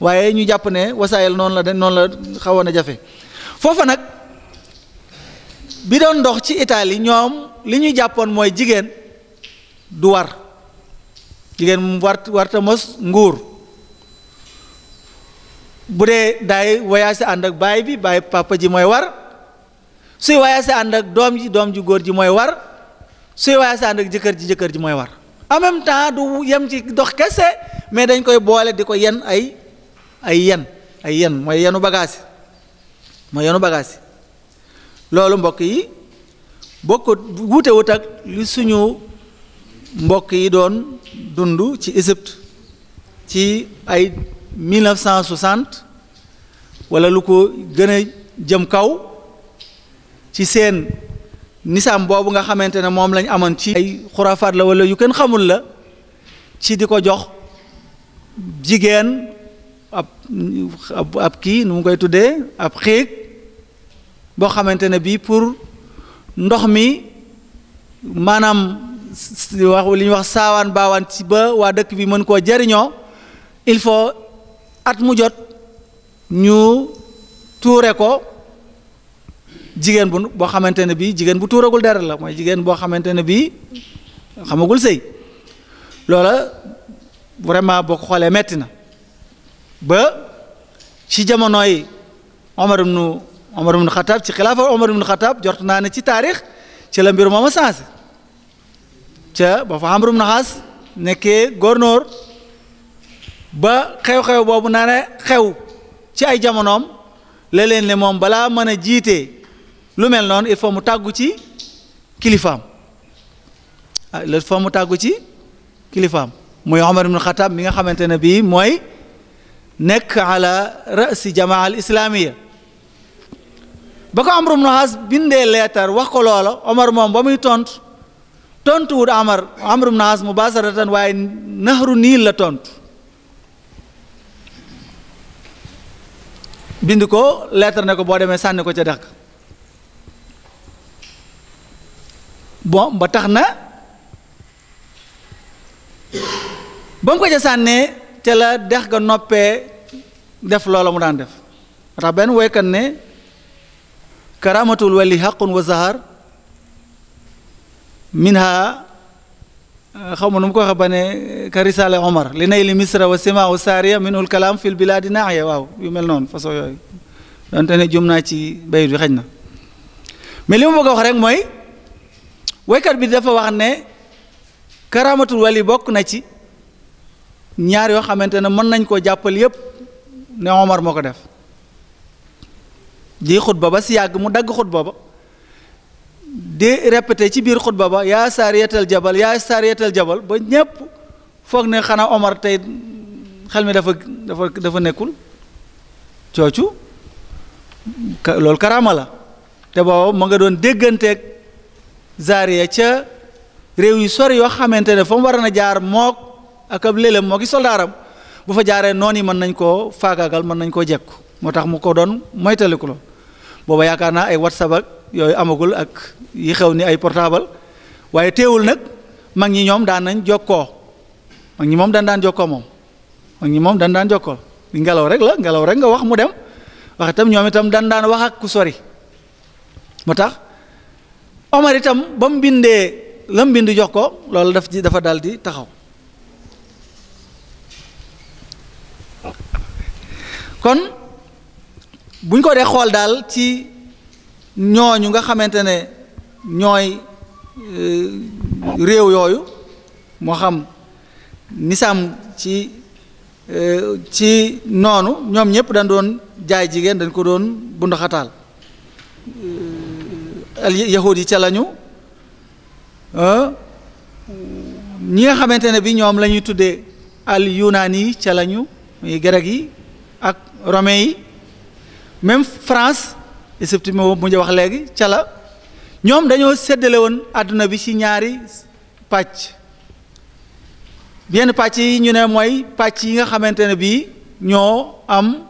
waaye ñu jàpp ne wasaayal noonu la de noonu la xawoon a jafe foofa nag bi doon dox ci Italie ñoom li ñu jàppoon mooy jigéen du war jigéen mu war warta mos nguur bu dee daay voyage ànd ak baay bi baay papa ji mooy war suy voyage ànd ak doom ji doom ji góor ji mooy war suy voyage ànd ak jëkkër ji jëkkër ji mooy war en même du yem ci dox kese mais dañ koy boole di ko yen ay ay yen ay yen mooy yenu bagage mooy yoonu bagaas yi loolu mbokk yi bokk wuute wut ak li suñu mbokk yi doon dund ci Égypte ci ay 1960 wala lu ko gëna jëm kaw ci seen nisaam boobu nga xamante ne moom lañu amoon ci ay xuraafaat la wala yu kenn xamul la ci di ko jox jigéen ab ab kii nu mu koy tuddee ab xiig boo xamante ne bii pour ndox mi maanaam wax li ñuy wax saawaan baawaan ci ba waa dëkk bii mën koo jariñoo il faut at mu jot ñu tuure ko jigéen bu boo xamante ne bii jigéen bu tuuragul dara la mooy jigéen boo xamante ne bii xamagul sëy loola vraiment boo ko xoolee metti na ba ci jamono yi Omar ibnu Omar ibn Khattab ci xilaafa Omar ibn Khattab jort naa ne ci taarix ci la mbir mooma sansé ca ba fa Amr ibn Xaas nekkee góornóor ba xew-xew boobu naa ne xew ci ay jamonoom la ne moom balaa mën a jiite lu mel noonu il faut mu tàggu ci kilifaam ah il mu tàggu ci kilifaam muy Omar ibn Khattab mi nga xamante ne bii mooy nekk ala rasi jamaa al islaamiya ba ko amru ibnu xaas bindee leetar wax ko loola omar moom ba muy tontu tontu amar amru ibnu xaas mu basaratan waaye naxaru nii la tont bind ko leetar ne ko boo demee sànni ko ca dex bon ba tax na ba mu ko ca sànnee ca la dex ga noppee def loola mu daan def tax benn woykat ne karamatul wali xaqun wa zahar minha eh, xaw ma num mu ko waxee ba ne eh, ka risale omar li nay li misra wa sima wa saariya minul kalaam fil bilaadi naaxiya waaw yu mel noonu façon yooyu donte ne jum naa ci bayit bi xaj na mais li ma bëgg a wax rek mooy waykat bi dafa wax ne karamatul wali bokk na ci ñaar yoo xamante ne mën nañ koo jàppal yépp ne omar moo ko def di xutba ba si yàgg mu dagg xutba ba di répété ci biir xutba ba yaa saariyatal jabal yaa saariyatal jabal ba ñépp foog ne xanaa Omar tey xel mi dafa dafa nekkul coocu loolu karaama la te booba mu nga doon dégganteeg zaariya ca réew yu sori yoo xamante ne fa mu war a jaar mook akam ab lélem moo ki soldaaram bu fa jaaree noon yi mën nañ koo faagaagal mën nañ koo jekku moo tax mu ko doon moytaliku lool booba yaakaar naa ay whatsapp ak yooyu amagul ak yi xew ni ay portable waaye teewul nag mag ñi ñoom daan nañ jokkoo mag ñi moom dan daan jokkoo moom mag moom dan daan jokkoo ngelaw rek la ngelaw rek nga wax mu dem wax itam ñoom itam dan daan waxaat ku sori moo tax Omar itam ba mu bindee la mu bind jox ko loolu daf ci dafa daal di taxaw kon bu ñu ko dee xool daal ci ñooñu nga xamante ne ñooy euh, réew yooyu moo xam nisaam ci euh, ci noonu ñoom ñëpp dañ doon jaay jigéen dañ ko doon bundaxataal euh, al yahud yi ca lañu ñi nga xamante ne bi ñoom lañuy ñuy tuddee al yunaan yi ca lañu muy grec yi ak romain yi même France Égypte moo mu wax léegi ca la ñoom dañoo séddale woon àdduna bi ci ñaari pàcc yenn pàcc yi ñu ne mooy pàcc yi nga xamante ne bii ñoo am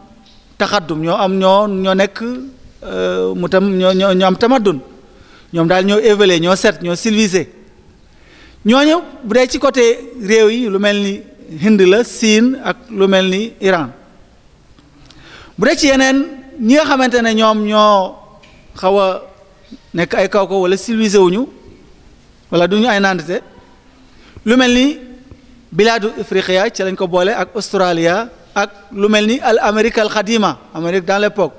taxaddum ñoo am ñoo ñoo nekk euh, mu tam ñoo ñoo tamaddun ñoom daal ñoo évolué ñoo set ñoo civilisé ñooñu bu dee ci côté réew yi lu mel ni Hind la Siin ak lu mel ni Iran bu dee ci yeneen. ñi nga xamante ne ñoom ñoo xaw a nekk ay kaw ko wala civilisé wuñu wala du ñu ay nandite lu mel ni bilaadu Ifriqiya ci lañ ko boole ak Australia ak lu mel ni al Amérique al Xadima Amérique dans l'époque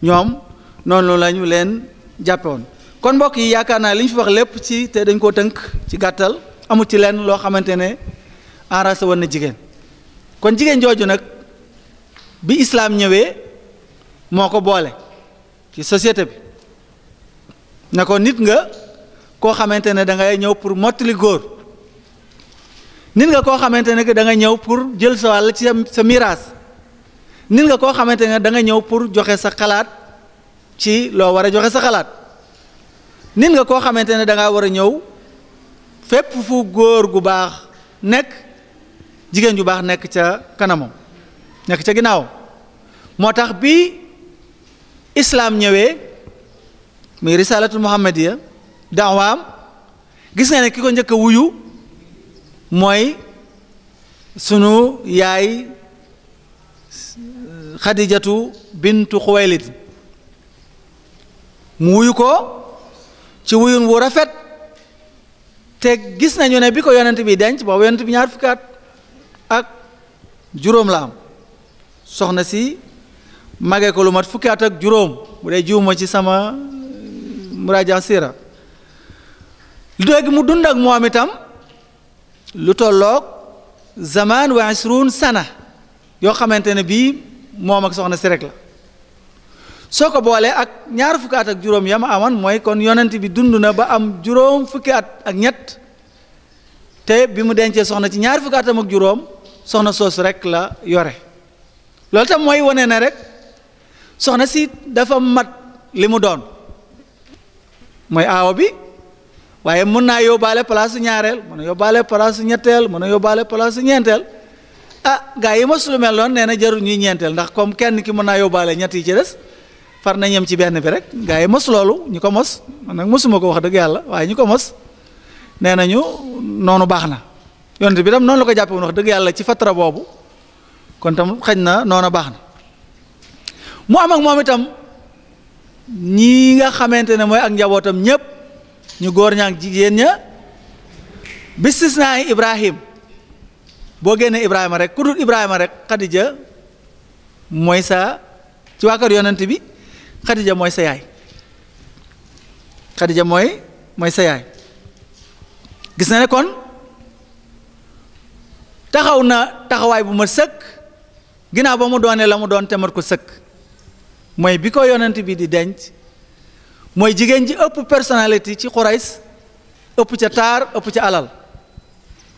ñoom noonu la ñu leen jàppe woon kon mbokk yi yaakaar naa liñ ñu fi wax lépp ci te dañ koo tënk ci gàttal amul ci leen loo xamante ne enracé woon na jigéen kon jigéen jooju nag bi islaam ñëwee moo ko boole ci société bi na ko nit nga koo xamante ne da ngay ñëw pour mottali góor nit nga koo xamante ne da nga ñëw pour jël sa wàll ci sa miraas nit nga koo xamante ne da nga ñëw pour joxe sa xalaat ci loo war a joxe sa xalaat nit nga koo xamante ne da war a ñëw fépp fu góor gu baax nekk jigéen ju baax nekk ca kanamam nekk ca ginnaaw moo tax bi islaam ñëwee muy risalatu muhammadiya daawaam gis nga ne ki ko njëkk wuyu mooy sunu yaay xadijatu bintu xuwaylid mu wuyu ko ci wuyun wu rafet te gis nañu ne bi ko yonent bi denc boobu yonent bi ñaar fukkaat ak juróom la am soxna si magee ko lu mat fukki at ak juróom bu dee jiwuma ci sama euh, muraaja siira lu léegi mu dund ak moom itam lu tollook zamaan wa ashrun sana yoo xamante ne bii moom ak soxna si rek la soo ko boolee ak ñaar fukki at ak juróom yama amoon mooy kon yonent bi dund na ba am juróom fukki at ak ñett te bi mu dencee soxna ci ñaar fukki atam ak juróom soxna soos rek la yore loolu tam mooy wane na rek soxna si dafa mat li mu doon mooy aawa bi waaye mun naa yóbbaale place ñaareel mën na yóbbaale place ñetteel mën na yóbbaale place ñeenteel ah gaa yi mos lu mel noonu nee na jarul ñuy ñeenteel ndax comme kenn ki mën naa yóbbaale ñett yi ci des far na ñem ci benn bi rek gaa yi mos loolu ñu ko mos man nag mosuma ko wax dëgg yàlla waaye ñu ko mos nee nañu noonu baax na yonent bi tam noonu la ko jàppe woon wax dëgg yàlla ci fatara boobu kon tam xañ noonu baax na mu am ak moom itam ñii nga xamante ne mooy ak njabootam ñépp ñu góor ñaa ak jigéen ña bistisnaa ibrahim boo génnee ibrahima rek ku dul ibrahima rek xadija mooy sa ci waa bi xadija mooy sa yaay xadija mooy mooy sa yaay gis na ne kon taxaw na taxawaay bu ma sëkk ginnaaw ba mu doonee la mu doon te mat ko sëkk mooy bi ko yonent bi di denc mooy jigéen ji ëpp personnalité ci xurays ëpp ca taar ëpp ca alal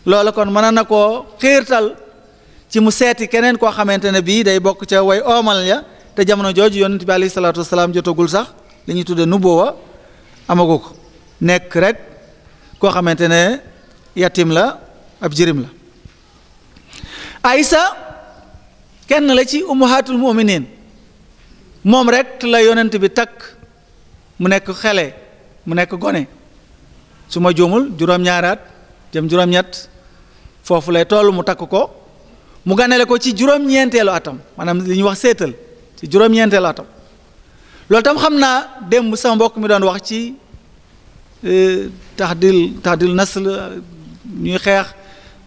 loola kon mën na koo xiirtal ci mu seeti keneen koo xamante ne bii day bokk ca way oomal ya te jamono jooju yonent bi alayhi salaatu jotagul sax li ñuy tudde nubuwa amagu ko nekk rek koo xamante ne yatim la ab jirim la Aysa kenn la ci ummahatul muminin moom rek la yonent bi takk mu nekk xele mu nekk gone su ma juumul juróom-ñaaraat jëm juróom-ñett foofu lay toll mu takk ko mu ganale ko ci juróom-ñeenteelu atam maanaam li ñuy wax seetal ci juróom-ñeenteelu atam loolu tam xam naa démb sama mbokk mi doon wax ci e, taxdil taxdil nasl ñuy xeex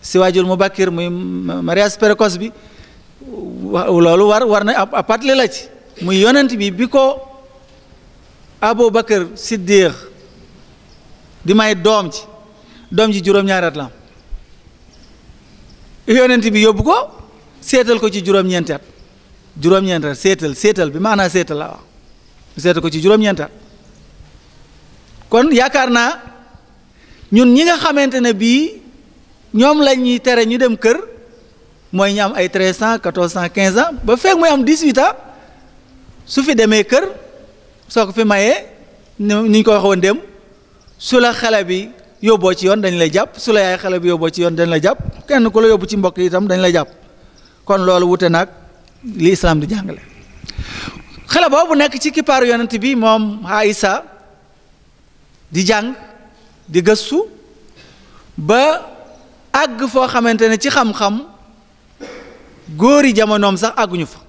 si waajul mu bakkir muy mariage précoce bi loolu war war na ab pàttali la ci mu yonent bi bi ko Abu Bakar Siddiq di may doom ji doom ji juróom-ñaari at yonent bi yóbbu ko seetal ko ci juróom-ñeenti juróom-ñeenti seetal seetal bi maanaa seetal la wax seetal ko ci juróom-ñeenti kon yaakaar naa ñun ñi nga xamante ne bii ñoom la ñuy tere ñu dem kër mooy ñu am ay treize ans quatorze ans quinze ans ba fekk muy am dix su fi demee kër soo ko fi mayee ni ñu ko wax woon dem su la xale bi yóbboo ci yoon dañ lay jàpp su la yaay xale bi yóbboo ci yoon dañu lay jàpp kenn ku la yóbbu ci mbokk yi itam dañ lay jàpp kon loolu wute nag li islaam di jàngale xale boobu nekk ci kippaaru bi moom Aïssa di jàng di gëstu ba àgg foo xamante ne ci xam-xam góori jamonoom sax àgguñu fa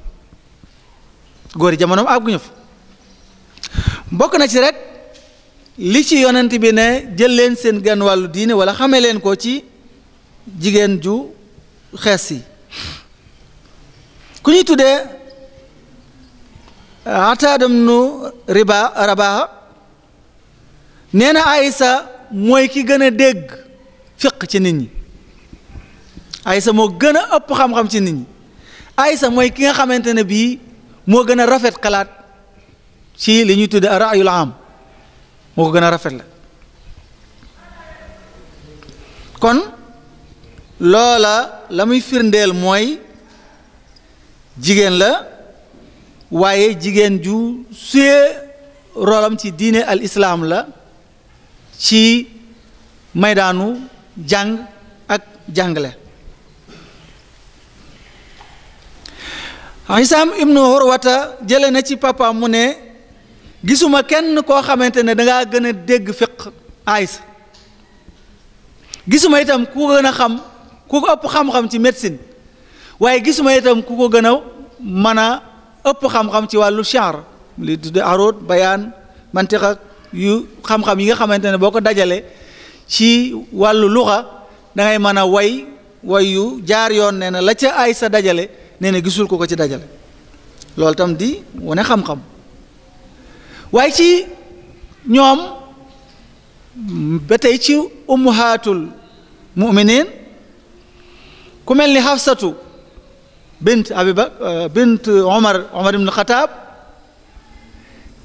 góori jamonoom àgguñu fa bokk na ci rekk li ci yonant bi ne jël leen seen gan wàllu diine wala xamee leen ko ci jigéen ju xees yi ku ñuy tuddee euh, ataadam nu riba rabaa nee na aysa mooy ki gën a dégg fiq ci nit ñi aysa moo gën a ëpp xam-xam ci nit ñi aysa mooy ki nga xamante ne bii moo gën a rafet xalaat ci li ñuy tudde raayul am moo ko gën a rafet la kon loola la muy firndeel mooy jigéen la waaye jigéen ju suyee roolam ci diine al islaam la ci maydaanu jàng ak jàngale Hisaam ibnu Urwata jële na ci papaam mu ne gisuma kenn koo xamante ne dangaa gën a dégg fiq Aysa gisuma itam ku ko gën a xam ku ëpp xam-xam ci médecine waaye gisuma itam ku ko gën a mën a ëpp xam-xam ci wàllu char li tudde aroot bayaan mantiq yu xam-xam yi nga xamante ne boo ko dajale ci wàllu luxa da ngay mën a way way jaar yoon nee na la ca Aysa dajale nee na gisul ko ko ci dajale loolu tam di wane xam-xam waaye ci ñoom ba tey ci ummahatul muminin ku mel ni Hafsatu bint Abiba euh, bint Omar Omar ibn Xataab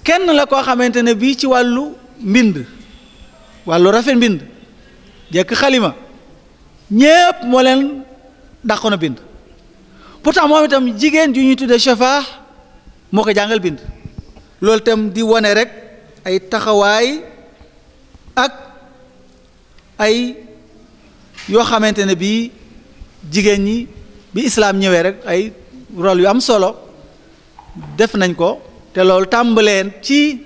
kenn la koo xamante ne bii ci wàllu mbind wàllu rafet mbind jekk xalima ñépp moo leen dàqoon a bind pourtant moom itam jigéen ju ñuy tuddee Shafa moo ko jàngal bind loolu itam di wane rek ay taxawaay ak ay yoo xamante ne bii jigéen ñi bi islaam ñëwee rek ay rol yu am solo def nañ ko te loolu tàmbaleen ci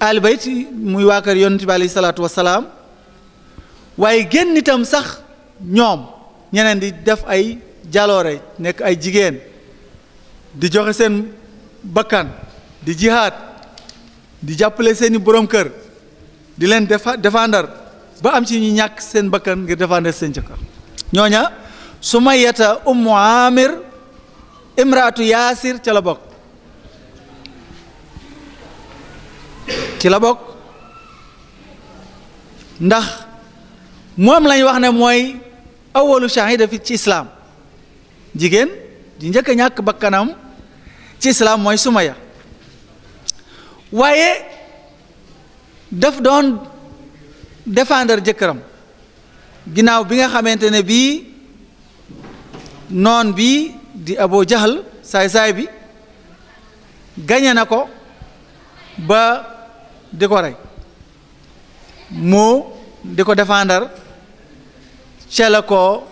albayt muy waa kër yonent bi alayhi salaatu wasalaam waaye génn itam sax ñoom ñeneen di def ay jaloore nekk ay jigéen di joxe seen bakkan di jihaad di jàppale seeni borom kër di leen defa défendre ba am ci ñu ñàkk seen bakkan ngir défendre seen jëkkër ñooña Sumayata Ummu Amir imraatu Yaasir ca la bokk ci la bokk ndax moom lañ wax ne mooy awalu yi fi ci islaam jigéen di njëkk a ñàkk bakkanam ci islaam mooy Sumaya waaye daf doon défendre jëkkëram ginnaaw bi nga xamante ne bii noon bi di aboo jaxal saay-saay bi gañe na ko ba di ko rey moo di ko défendre ca la ko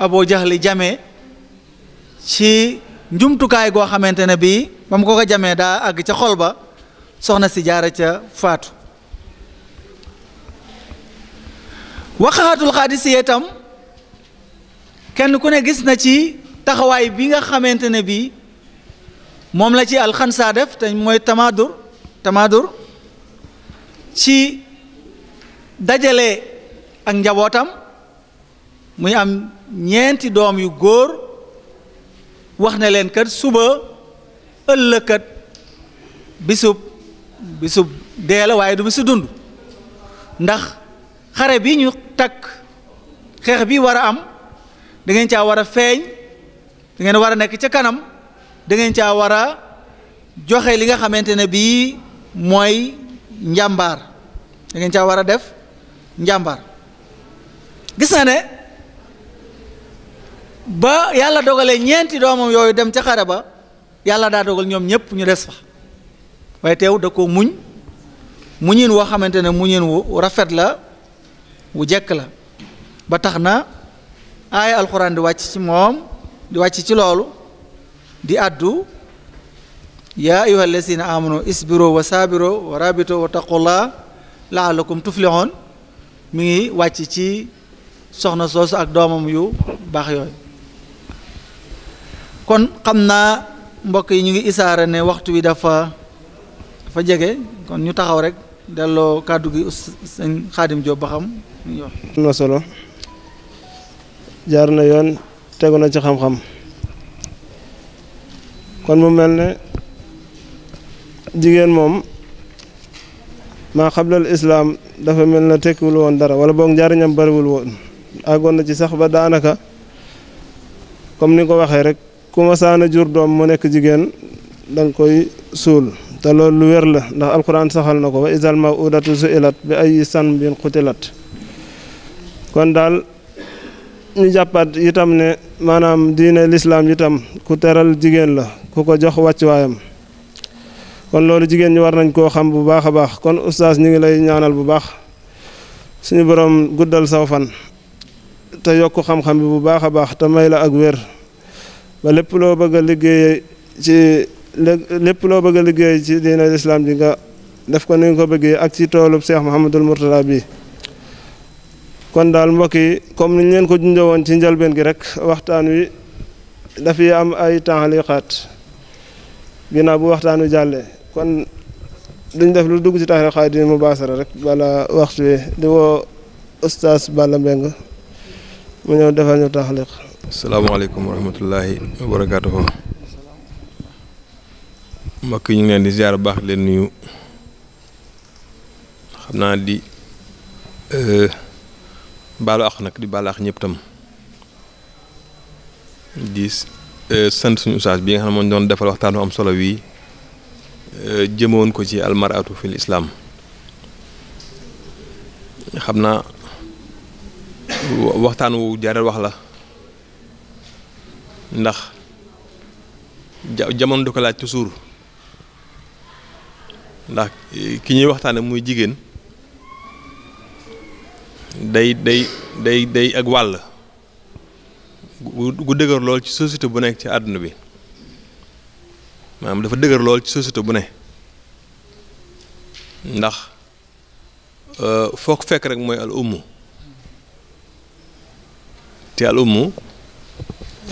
Abu Jahl jame ci njumtukaay goo xamante ne bii ba mu ko ko jamee daa àgg ca xol ba soxna si jaara ca faatu waxaatul xaadisi itam kenn ku ne gis na ci taxawaay bi nga xamante ne bii moom la ci alxansa def te mooy tamaadur tamaadur ci dajale ak njabootam muy am ñeenti doom yu góor wax ne leen kat suba ëllëg kat bisub bisub dee waaye du bisu dund ndax xare bi ñu takk xeex bi war a am da ngeen caa war a feeñ dangeen war a nekk ca kanam da ngeen caa war a joxe li nga xamante ne bii mooy njàmbaar da ngeen caa war a def njàmbaar gis na ne ba yàlla dogalee ñeenti doomam yooyu dem ca xare ba yàlla daa dogal ñoom ñëpp ñu des fa waaye teew da ko muñ muñin woo xamante ne muñin wu rafet la wu jekk la ba tax na aaya alxuraan di wàcc ci moom di wàcc ci loolu di àddu yaa ayuha alladina amanu isbiro wa saabiro wa rabito wa taqullah laalakum tuflihon mi ngi wàcc ci soxna soosu ak doomam yu baax yooyu kon xam naa mbokk yi ñu ngi isaara ne waxtu wi dafa fa jege kon ñu taxaw rek delloo kàddu gi sëñ Xaadim Jóob ba xam na solo jaar na yoon tegu na ci xam-xam kon mu mel ne jigéen moom maa xablal islaam dafa mel na tekkiwul woon dara wala boog njariñam bariwul woon àggoon na ci sax ba daanaka comme ni ko waxee rek ku masaana jur doom mu nekk jigéen da koy suul te loolu lu wér la ndax alquran saxal na ko wa isal mawudatu suilat bi ay sanbin qutilat kon daal ñu jàppaat itam ne maanaam diine lislaam itam ku teral jigéen la ku ko jox wàccuwaayam kon loolu jigéen ñi war nañ koo xam bu baax a baax kon ustaas ñu ngi lay ñaanal bu baax suñu boroom guddal saw fan te yokk xam-xam bi bu baax a baax te may la ak wér ba lépp loo bëgg a liggéey ci lépp loo bëgg a liggéey ci diina lislaam ji nga def ko ni nga ko bëggee ak ci toolub Cheikh Mouhamadul Mourtada bi kon daal mbokk yi comme ni ñu leen ko woon ci njalbeen gi rek waxtaan wi dafay am ay taxaliqaat ginnaaw bu waxtaan wi jàllee kon duñ def lu dugg ci taxaliqaat yi mu baasara rek bala waxtu wi di woo ustaas Balla Mbeng mu ñëw defal ñu taxaliq asalaamaaleykum wa rahmatullahi wa barakaatuhu ñu ngi leen di ziar baax leen nuyu xam naa di euh, baalu ax nag di baalu ax ñëpp tam di euh, sant suñu ustaas bi nga xam ne moo doon defal waxtaanu bu am solo wi euh, jëmoon ko ci almaratu fil islaam xam naa waxtaan wu jaral wax la ndax jamono du ko laaj toujours ndax ki ñuy waxtaane muy jigéen day day day day ak wàll gu dëgër lool ci société bu nekk ci àdduna bi maanaam dafa dëgër lool ci société bu ne ndax euh, foog fekk rek mooy al umm te al umm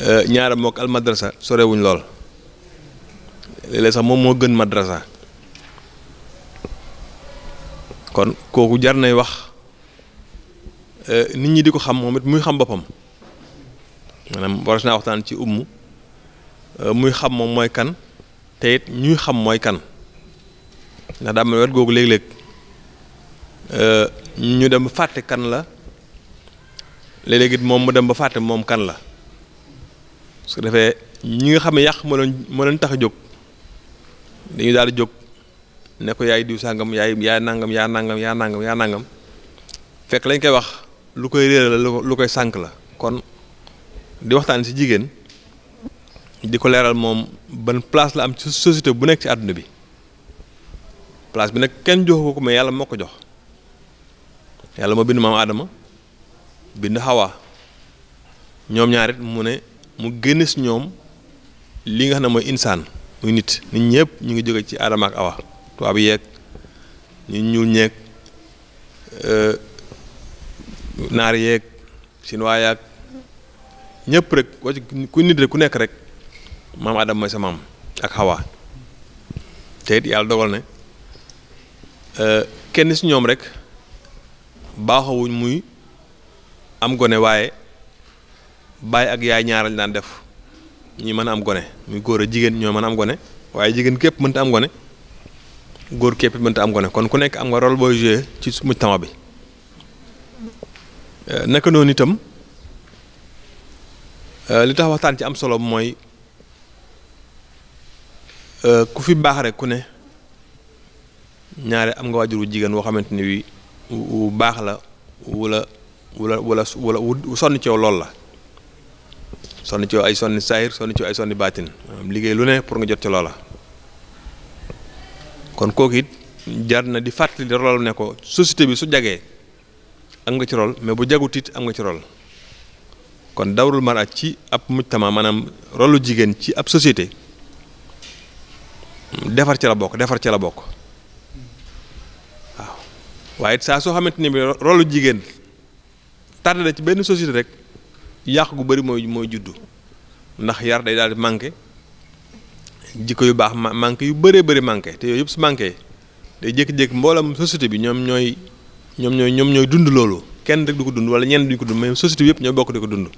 Euh, ñaara mook al madrasa sorewuñ lool léeg-léeg sax moom moo gën madrasa kon kooku jar nay wax euh, nit ñi di ko xam moom it muy xam boppam maanaam waras naa waxtaan ci umm muy xam moom mooy kan te it ñuy xam mooy kan ndax daa mel wet googu léeg-léeg ñu dem fàtte kan la léeg-léeg dem ba fàtte moom kan la su defee ñi nga xam ne yàq moo leen tax a jóg dañuy daal di jóg ne ko yaay diw sàngam yaay yaa nangam yaa nangam yaa nangam yaa nangam fekk lañ koy wax lu koy réer lu koy sànk la kon di waxtaan si jigéen di ko leeral moom ban place la am ci société bu nekk ci àdduna bi place bi nag kenn joxu ko mais yàlla moo ko jox yàlla moo bind maam Aadama bind Hawa ñoom ñaarit mu ne mu génn si ñoom li nga xam ne mooy insaan muy nit nit ñëpp ñu ngi jóge ci aadama ak awa tubaab yeeg ñu ñuul ñeeg euh, naar yeeg chinois yaag ñëpp rek ku nit rek ku nekk rek maam Adama mooy sa maam ak Hawa te yàlla dogal ne euh, kenn si ñoom rek baaxawuñ muy am gone waaye baay ak yaay ñaaral daan def ñi mën a am gone muy góor a jigéen ñoo mën am gone waaye jigéen képp mënta am gone góor képp mënta am gone kon ku nekk am nga role booy joué ci mujtama bi euh, naka noonu itam euh, li tax waxtaan ci am solo mooy euh, ku fi baax rek ku ne ñaare am nga waajur wu jigéen woo xamante ni wi wu baax la wula wula wula wula wu sonn ci yow lool la sonn ci ay sonni saayir sonn ci ay sonni baatin liggéey lu ne pour nga jot ci loola kon kooku it jar na di fàttali rol ne ko société bi su jagee am nga ci rol mais bu jagut it am nga ci rol kon dawarul mara ci ab mujtama maanaam rolu jigéen ci ab société defar ci la bokk defar ci la bokk waaw waaye saa soo xamante ni bi rolu jigéen tardé na ci benn société rek yàq gu bëri mooy mooy juddu ndax yar day daal di manqué jikko yu baax manqué yu bëree bëri manqué te yooyu yëpp si manqué day jékki-jékki mboolam société bi ñoom ñooy ñoom ñooy ñoom ñooy dund loolu kenn rek du ko dund wala ñenn duñ ko dund mais société bi yëpp ñoo bokk di ko dund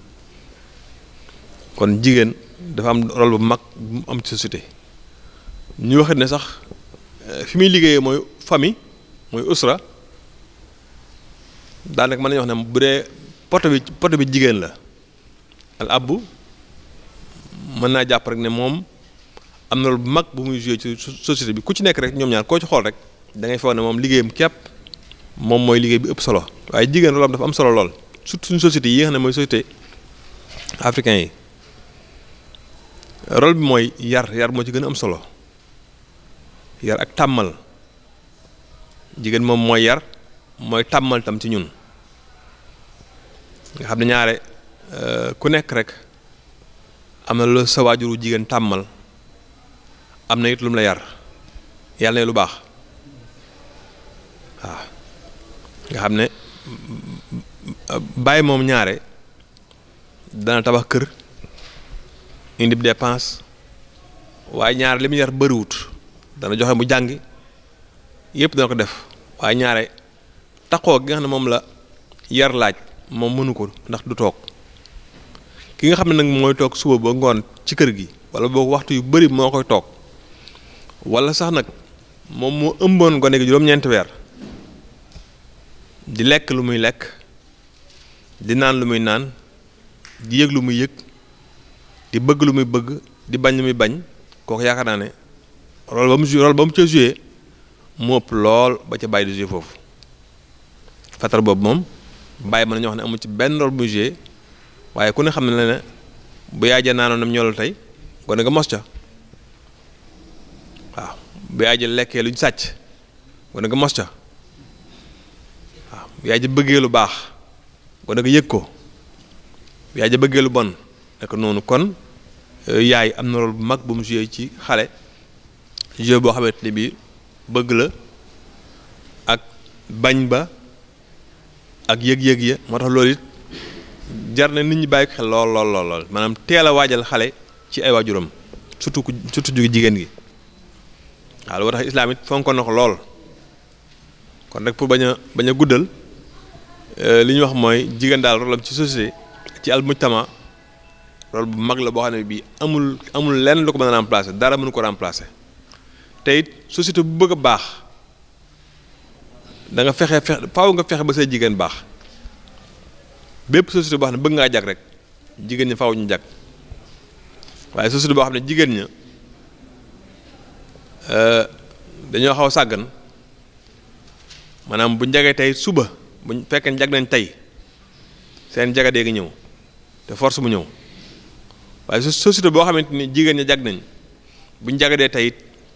kon jigéen dafa am rôle bu mag am ci société ñu waxit ne sax euh, fi muy liggéeyee mooy famille mooy usra daanaka mën nañu wax ne bu dee poto bi poto bi jigéen la al abbu mën naa jàpp rek ne moom am na lu mag bu muy joué ci société bi ku ci nekk rek ñoom ñaar koo ci xool rek da ngay foog ne moom liggéeyam képp moom mooy liggéey bi ëpp solo waaye jigéen loolu am am solo lool surtout suñu société yi nga mooy société yi rôle bi mooy yar yar moo ci gën am solo yar ak tàmmal jigéen moom mooy yar mooy tàmmal tam ci ñun nga xam ne ñaare Euh, ku nekk rek am na lu sa waajuru jigéen tàmmal am na it lu la yar yàlla ne lu baax waaw nga xam ne bàyyi moom ñaare dana tabax kër indi dépense waaye ñaare li mu yar bëriwut dana joxe mu jàngi yëpp dana ko def waaye ñaare taxoo gi nga xam ne moom la yar laaj moom mënu ko ndax du toog ki nga xam ne nag mooy toog suba ba ngoon ci kër gi wala boo waxtu yu bëri moo koy toog wala sax nag moom moo ëmboon gone gi juróom-ñeenti weer di lekk lu muy lekk di naan lu muy naan di yëg lu muy yëg di bëgg lu muy bëgg di bañ lu muy bañ kooku yaakaar naa ne rôle ba mu joué rôle ba mu ca joué mu ëpp lool ba ca bàyyi di joué foofu fatar boobu moom bàyyi mën nañu wax ne amu ci benn rôle bu muy joué waaye ku ne xam ne ne bu yaay ja naanoon nam ñoolal tey gone nga mos waaw bu yaay ja lekkee luñ sàcc gone nga mos ca waaw bu yaay ja bëggee lu baax gone nga yëg ko bu yaay ja bëggee lu bon nekk noonu kon euh, yaay am na rôle bu mag bu mu joué ci xale joué boo xamante ne bii bëgg la ak bañ ba ak yëg-yëg ya moo tax loolu it jar na nit ñi bàyyi ko xel lool lool lool lool maanaam teel a waajal xale ci ay waajuram surtout ku surtout jigéen gi waaw loolu tax islaam it fonkoon lool kon rek pour bañ a bañ a guddal euh, li ñuy wax mooy jigéen daal rôlam ci société ci al mujtama rôle bu mag la boo xam ne bii amul amul lenn lu ko mën a dara mënu ko remplacer te it société bu bëgg a baax da nga fexe fexe faaw nga fexe ba say jigéen baax. bépp société boo xam ne bëgg ngaa jag rek jigéen ñi faw ñu jag waaye société boo xam ne jigéen ña euh, dañoo xaw sàggan maanaam bu ñu tey suba bu ñu fekkee jag nañ tey seen jaga dee ngi ñëw te force mu ñëw waaye société boo xamante ni jigéen ña jag nañ bu ñu jagadee tey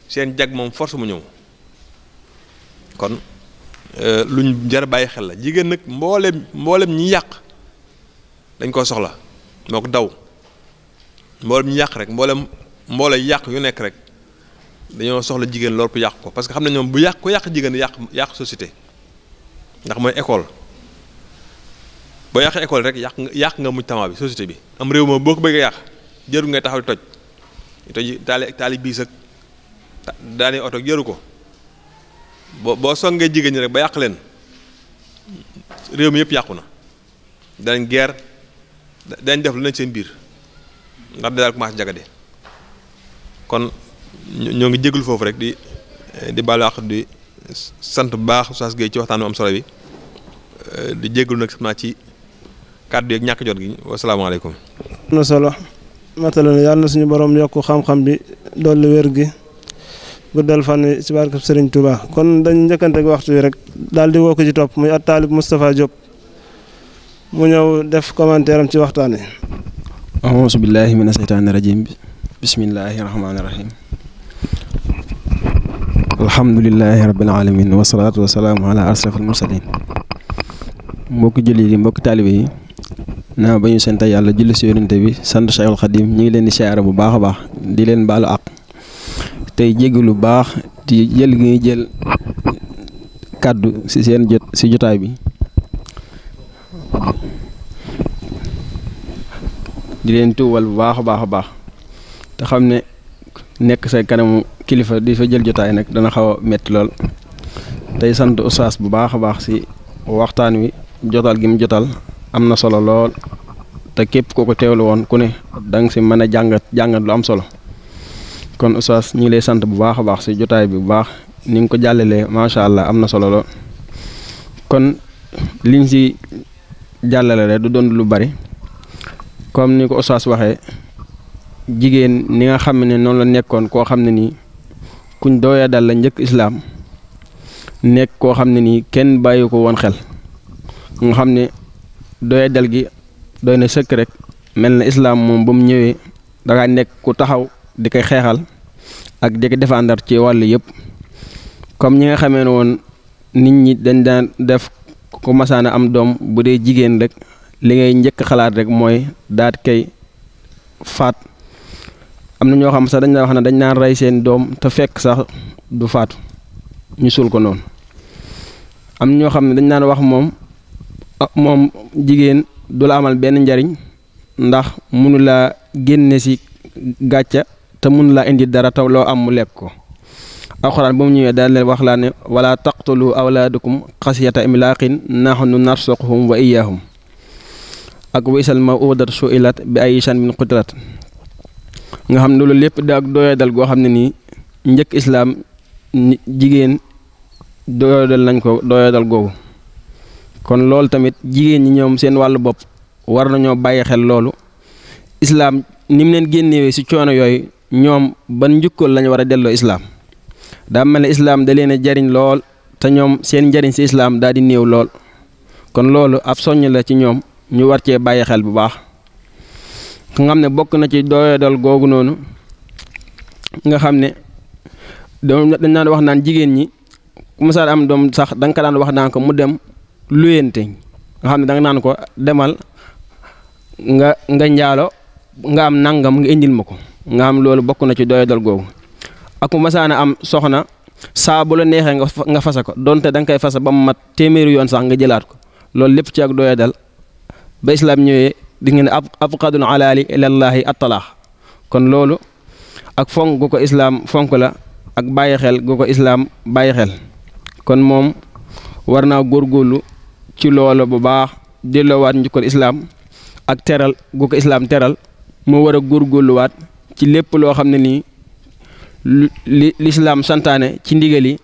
seen jag moom force mu ñëw kon euh, luñ jar bàyyi xel la jigéen nag mbooleem mboolem ñi yàq. dañ koo soxla moo ko daw mboolem ñu yàq rek mboolem mboole yàq yu nekk rek dañoo soxla jigéen lool pour yàq ko parce que xam ne ñoom bu yàq ko yàq jigéen yàq yàq société ndax mooy école boo yàq école rek yàq nga yàq nga mujj tama bi société bi am réew moom boo ko bëggee yàq jëru ngay taxaw toj di toj taali taali biis ak daane oto jëru ko boo boo songee jigéen ñi rek ba yàq leen réew mi yëpp yàqu na danañ guerre dañ def lu nekk seen biir ndax daal commencé jagade kon ñoo ngi jégalu foofu rek di di baalu àq di sant bu baax Oustaz Gueye ci waxtaan am solo bi euh, di jégalu nag xam naa ci kàddu yeeg ñàkk jot gi wasalaamaaleykum. am yàlla suñu borom yokk xam-xam bi dolli wér gi guddal fan yi ci barke Serigne Touba kon dañ njëkkanteeg waxtu yi rek daal di woo ko ci topp muy at taalib Moustapha Diop. mu ñëw def commentaire ci waxtaan wi auzu billaahi mina seytaani rajiim bismillaahi rahmaani rahiim alhamdulillaahi rabbil aalamiin wasalaatu wasalaamu ala asrafil mursaliin mbokki julli yi mbokki taalibe yi naa ba ñu sant yàlla julli si yonente bi sant Cheikhul Khadim ñu ngi leen di siyaare bu baax a baax di leen baalu àq tey jégg lu baax di jël gi jël kàddu si seen jot si jotaay bi di leen tuubal bu baax a baax a baax te xam ne nekk say kanamu kilifa di fa jël jotaay nag dana xaw a metti lool tey sant oustaz bu baax a baax si waxtaan wi jotal gi mu jotal am na solo lool te képp koo ko teewlu woon ku ne da nga si mën a jàngat jàngat lu am solo kon oustaz ñu ngi lay sant bu baax a baax si jotaay bi bu baax ni ngi ko jàllalee macha allah am na solo lool kon liñ si jàllale rek du doon lu bari. comme ni ko Oustaz waxe jigéen ni nga xam ne noonu la nekkoon koo xam ne nii kuñ dooya dal la njëkk islaam nekk koo xam ne nii kenn bàyyi ko woon xel nga xam ne dooya dal gi doy na sëkk rek mel na islaam moom ba mu ñëwee dangaa nekk ku taxaw di koy xeexal ak di ko défendre ci wàll yëpp comme ñi nga xamee ne woon nit ñi dañ daan def ku masaana am doom bu dee jigéen rekk li ngay njëkk xalaat rek mooy daat kay faat am na ñoo xam sax dañ la wax ne dañ naan rey seen doom te fekk sax du faatu ñu suul ko noonu am ñoo xam ne dañ naan wax moom ah, moom jigéen du la amal benn njariñ ndax mënu laa génne si gàcca te mënu laa indi dara taw loo am mu lekk ko alxuraan ba mu ñëwee daal leen wax laa ne aw wala taqtulu awlaadakum xasiyata imlaaqin nahnu narsuquhum wa iyaahum ak waysal ma udar su ilat bi ay shan min qudrat nga xam ne loolu lépp da ak doyadal goo xam ne nii njëkk islaam jigéen doyadal nañ ko doyadal googu kon loolu tamit jigéen ñi ñoom seen wàll bopp war nañoo bàyyi xel loolu islaam ni leen génnewee si coono yooyu ñoom ban njukkal lañu war a delloo islaam daa mel ne islaam da leen jariñ lool te ñoom seen njariñ si islaam daal di néew lool kon loolu ab soññ la ci ñoom ñu war cee bàyyi xel bu baax nga xam ne bokk na ci doyadal googu noonu nga xam ne dañ naan wax naan jigéen ñi ku am doom sax da ko daan wax naan ko mu dem luyente nga xam ne danga nga naan ko demal nga nga njaalo nga am nangam nga indil ma ko nga am loolu bokk na ci doyadal googu ak ku masaan am soxna saabu la neexee nga fasa ko donte da nga koy fasa ba mu mat téeméeri yoon sax nga jëlaat ko loolu lépp ci ak doyadal ba islaam ñëwee di ngeen ab abqadul alaali ilallaahi attalaax kon loolu ak fonk gu ko islaam fonk la ak bàyyi xel gu ko islaam bàyyi xel kon moom war naa góor góorlu ci loolu bu baax delloowaat njukkal islaam ak teral gu ko islaam teral moo war a góorgóorluwaat ci lépp loo xam ne nii li lislaam santaane ci ndigal yi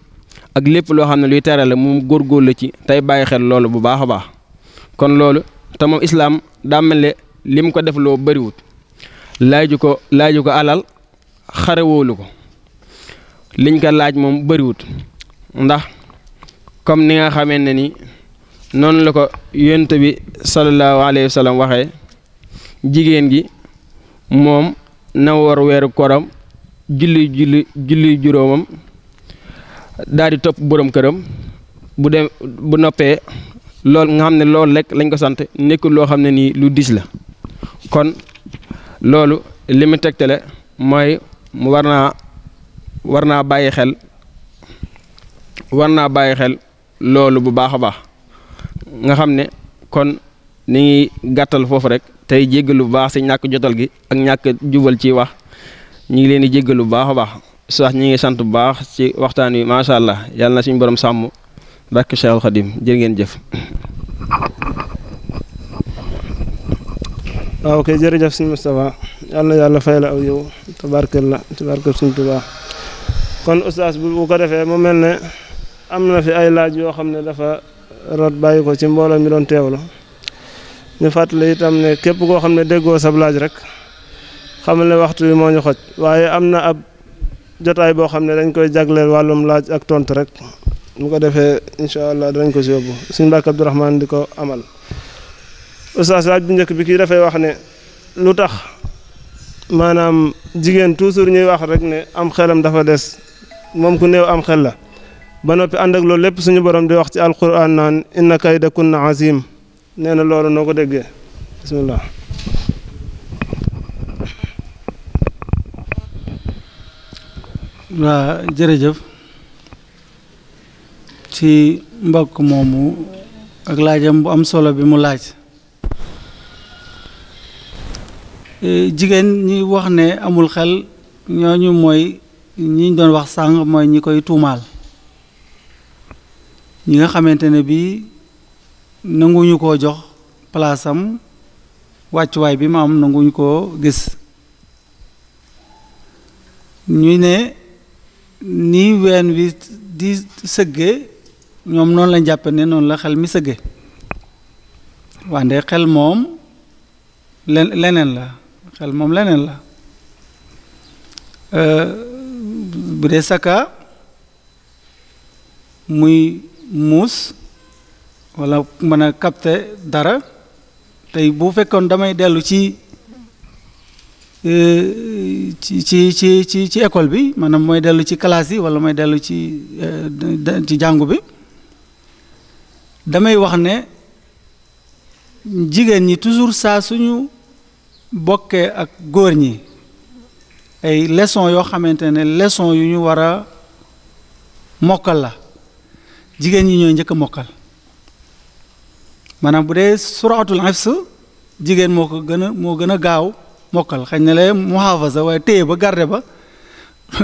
ak lépp loo xam ne luy teral la góor góorlu ci tey bàyyi xel loolu bu baax a baax kon loolu te islaam dàmmale lim ko def loo bariwut laaju ko laaju ko alal xarewóolu ko liñ ko laaj moom bariwut ndax comme ni nga xamee ne ni noonu la ko yonent bi sallallahu alayhi wa waxe jigéen gi moom na war weeru koram julli julli juróomam daal di topp borom këram bu dem bu noppee loolu nga xam ne loolu rek lañ ko sant nekkul loo xam ne nii lu diis la kon loolu li mu tegtale mooy mu war naa war naa bàyyi xel war naa bàyyi xel loolu bu baax a baax nga xam ne kon ni ngi gàttal foofu rek tey jéggalu bu baax si ñàkk jotal gi ak ñàkk jubal ciy wax ñu ngi leen di jéggalu bu baax a baax sax ñu ngi sant bu baax ci waxtaan wi macha allah yàlla na suñu borom sàmm. bàkki Cheikhul Khadim jërë ngeen jëf. waaw ah, kay jërëjëf sëñ Moustapha yal na yàlla fay la aw yow tabarkal la tabarkal sëñ Tuubaa kon oustaz bu ko defee mu mel ne am na fi ay laaj yoo xam ne dafa rot bàyyi ko ci mbooloo mi doon la ñu fàttali itam ne képp koo xam ne déggoo sab laaj rek xamal ne waxtu bi moo ñu xoj waaye am na ab jotaay boo xam ne dañ koy jagleel wàllum laaj ak tontu rek mu ko defee incha allah danañ ko si yóbbu suñu mbàkk Abdourahman di ko amal oustaz laaj bu njëkk bi kii dafay wax ne lu tax maanaam jigéen toujours ñuy wax rek ne am xelam dafa des moom ku néew am xel la ba noppi ànd ak loolu lépp suñu borom di wax ci alquran naan inna kayda kunna azim nee na loolu noo ko déggee bismillah waa jërëjëf ci mbokk moomu ak laajam bu am solo bi mu laaj e, jigéen ñi wax ne amul xel ñooñu mooy ñi doon wax sàng mooy ñi koy tuumaal ñi nga xamante ne bii nanguñu koo jox palaasam wàccuwaay bi mu am nanguñu koo gis ñu ne ni ween wi di sëgge ñoom noonu lañ jàppe ne noonu la xel mi sëgge wante xel moom leneen la xel moom leneen la euh, bu dee saka muy muus walla mën a capter dara tey bu fekkoon damay dellu ci euh, ci ci ci ci ci école bi maanaam mooy dellu ci classe yi walla may dellu ci euh, ci jàngu bi damay wax ne jigéen ñi toujours saa suñu bokkee ak góor ñi ay leçon yoo xamante ne leçon yu ñu war a mokkal la jigéen ñi ñooy njëkk a mokkal maanaam bu dee suratul hifz jigéen moo ko gën a moo gën a gaaw mokkal xañ na la muhafaza waaye téye ba garde ba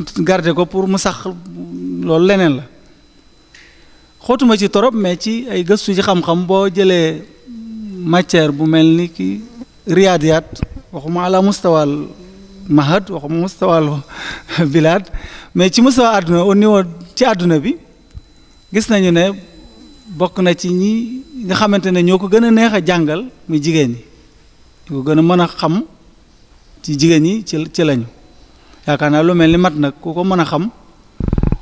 garde ko pour mu sax loolu leneen la xóotuma ci torop mais ci ay gëstu ci xam-xam boo jëlee matière bu mel ni ki riyaadiyaat waxuma ala mustawal mahad waxuma mustawal bilaad mais ci mustawa àdduna au niveau ci àdduna bi gis nañu ne bokk na ci ñi nga xamante ne ñoo ko gën a neex a jàngal muy jigéen ñi ñoo ko gën a mën a xam ci jigéen ñi ci lañu yaakaar naa lu mel ni mat nag ku ko mën a xam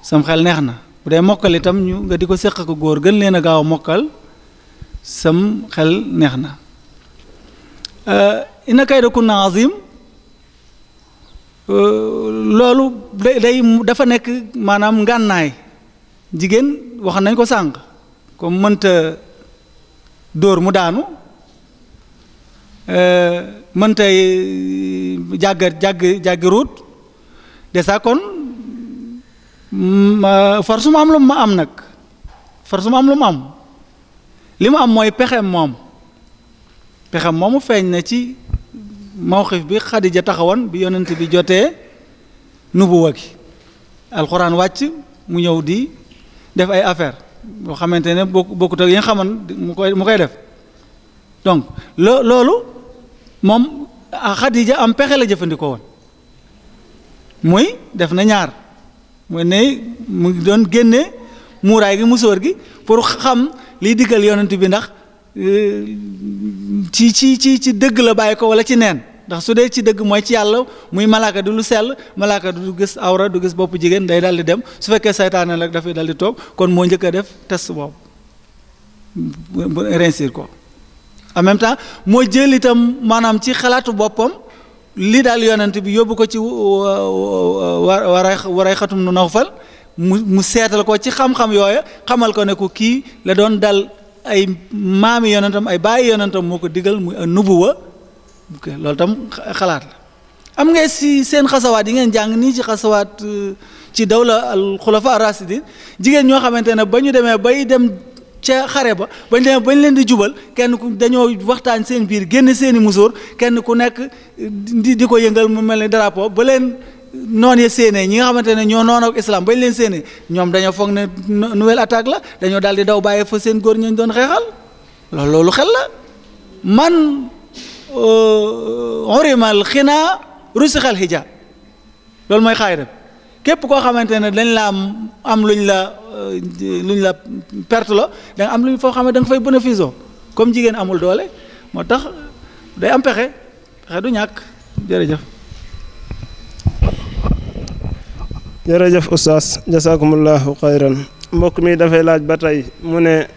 sam xel neex na bu dee mokkal itam ñu nga di ko séq ko góor gën leen gaaw a mokkal sam xel neex na inna kayda kunna azim euh, loolu day day dafa nekk maanaam ngànnaay jigéen wax nañ ko sànq comme mënta dóor mu daanu euh, mënta euh, jàgg jàgg jàggi ruut de sa kon force mu am lu ma am nag force mu am lu ma am li mu am mooy pexem moom pexem mu feeñ na ci mawxif bi xadija taxawoon bi yonent bi jotee nubuwa gi alxuraan wàcc mu ñëw di def ay affaire boo xamante ne bokk bokkut ak yi nga xamoon mu koy mu koy def donc loo loolu moom xadija am pexe la jëfandikoo woon muy def na ñaar mooy ne mu ngi doon génne muuraay gi musóor gi pour xam liy diggal yonent bi ndax ci ci ci ci dëgg la bàyyi ko wala ci neen ndax su dee ci dëgg mooy ci yàlla muy malaaka du lu sel malaaka du gis awra du gis bopp jigéen day daal di dem su fekkee saytaane la dafay daal di toog kon moo njëkk a def test boobu rinsir ko en même temps moo jël itam maanaam ci xalaatu boppam li daal yonent bi yóbbu ko ci waray waray xatum nu nawfal mu mu seetal ko ci xam-xam yooya xamal ko ne ko kii la doon dal ay maami yonentam ay bàyyi yonentam moo ko mu muy nubuwa loolu tam xalaat la am nga si seen xasawaat yi ngeen jàng nii ci xasawaat ci dawla al xulafa rasidin jigéen ñoo xamante ne ba ñu demee bay dem ca xare ba bañ leen bañ leen di jubal kenn ku dañoo waxtaan seen biir génn seeni musóor kenn ku nekk di ko yëngal mu mel ni drapeau ba leen noon ya séenee ñi nga xamante ne ñoo noon ak islam bañ leen séenee ñoom dañoo foog ne nouvelle attaque la dañoo daal di daw bàyyi fa seen góor ñañ doon xeexal loolu loolu xel la man euh, urimal xinaa rusi xel xija loolu mooy xaay dem képp koo xamante ne dañ la am am luñ la euh, luñ la perte la da nga am luñ foo xamante ne da nga fay bénéfice oo comme jigéen amul doole moo tax day am pexe pexe du ñàkk jërëjëf. jërëjëf oustaz jasakumullahu xayran mbokk mi dafay laaj ba tey mu ne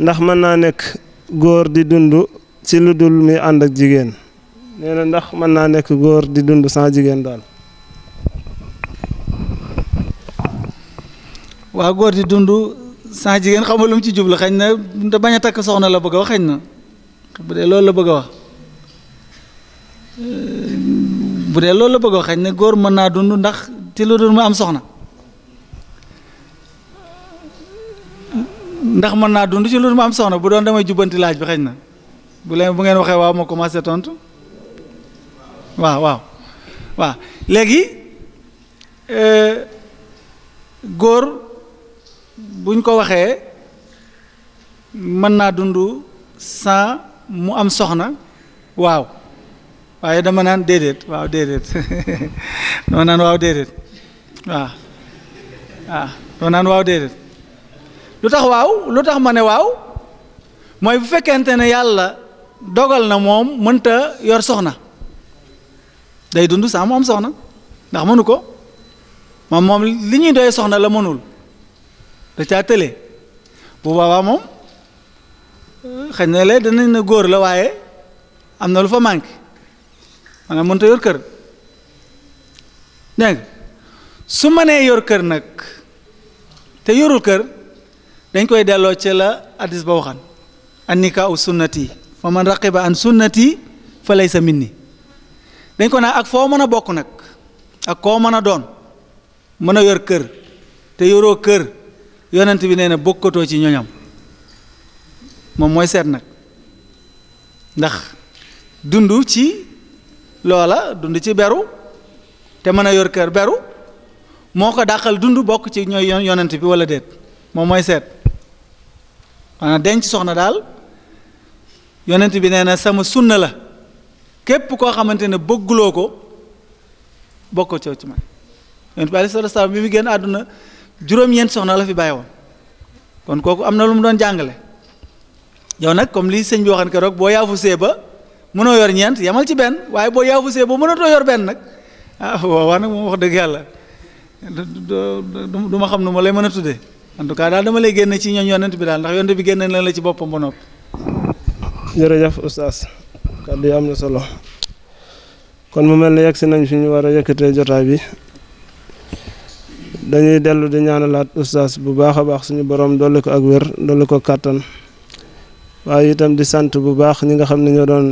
ndax mën naa nekk góor di dund si lu dul mi ànd ak jigéen nee ndax mën naa nekk góor di dund sans jigéen daal. waa góor di dund sans jigéen xam nga lu ci jubla xañ na da bañ a takk soxna la bëgg a wax na bu dee loolu la bëgg a wax euh, bu dee loolu la bëgg a wax xañ na góor mën naa dund ndax ci lu dul mu am soxna ndax mën naa dund ci lu dul am soxna bu doon damay jubbanti laaj bi xañ na bu leen bu ngeen waxee waaw ma commencé tontu waaw waaw waaw léegi euh, góor buñ ko waxee mën naa dund sans mu am soxna waaw waaye dama naan déedéet waaw déedéet dama naan waaw déedéet waaw waaw dama naan lu tax waaw lu tax ma ne waaw mooy bu fekkente ne yàlla dogal na moom mënta yor soxna day dund sans mu am soxna ndax mënu ko moom moom li ñuy doy soxna la mënul da caa tële bu boobaa moom xëy na lee danañ na góor la waaye am na lu fa manqué maanaam mënut yor kër dégg su mënee yor kër nag te yorul kër dañ koy delloo ci la addis ba waxan an nikaa u sunnati fa man raqiba an sunnati fa laysa minni dañ ko naa ak foo mën a bokk nag ak koo mën a doon mën a yor kër te yoroo kër yonent bi nee na bokkatoo ci ñoñam moom mooy seet nag ndax dund ci loola dund ci beru te mën a yor kër beru moo ko dàqal dund bokk ci ñooy yonent bi wala déet moom mooy seet maanaam denc soxna daal yonent bi nee na sama sunna la képp koo xamante ne bëgguloo ko bokk coo ci man yonent bi aleyhi salaatu wa bi mu génn àdduna juróom-ñeent soxna la fi bàyyi woon kon kooku am na lu mu doon jàngale yow nag comme li sëñ bi waxan keroog boo see ba mënoo yor ñeent yamal ci benn waaye boo yaafusee ba mënatoo yor benn nag ah waaw nag moom wax dëgg yàlla du ma xam nu ma lay mën a tuddee en tout cas daal dama lay génne ci ñoom yonent bi daal ndax yonent bi génn na la ci boppam ba noppi. jërëjëf oustaz kàddu yi am na solo kon mu mel ne yegg si nañ fi ñu war a yëkkatee jotaay bi. dañuy dellu di ñaanalaat ustaas bu baax a baax suñu boroom dolli ko ak wér dolli ko kàttan waaye itam di sant bu baax ñi nga xam ne ñoo doon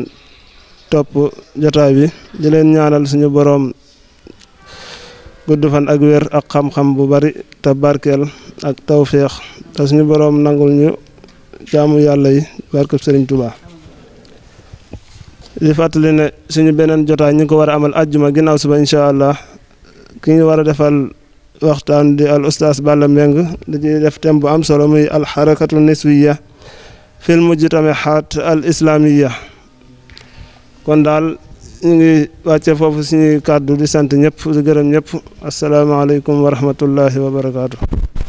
topp jotaay bi di leen ñaanal suñu boroom gudd fan ak wér ak xam-xam bu bari te barkeel ak taw tawféex te suñu boroom nangul ñu jaamu yàlla yi barkeb Sëriñ Tuubaa di fàttali ne suñu beneen jotaay ñu ngi ko war a amal àjjuma ginnaaw suba incha allah ki ñu war a defal. waxtaan di al ustaas Balla Mbengue dañuy def thème bu am solo muy al xarakatu niswiya fil mujtamahat al islamiya kon daal ñu ngi wàcce foofu suñuy kàddu di sant ñëpp di gërëm ñëpp asalaamaaleykum wa rahmatullahi wa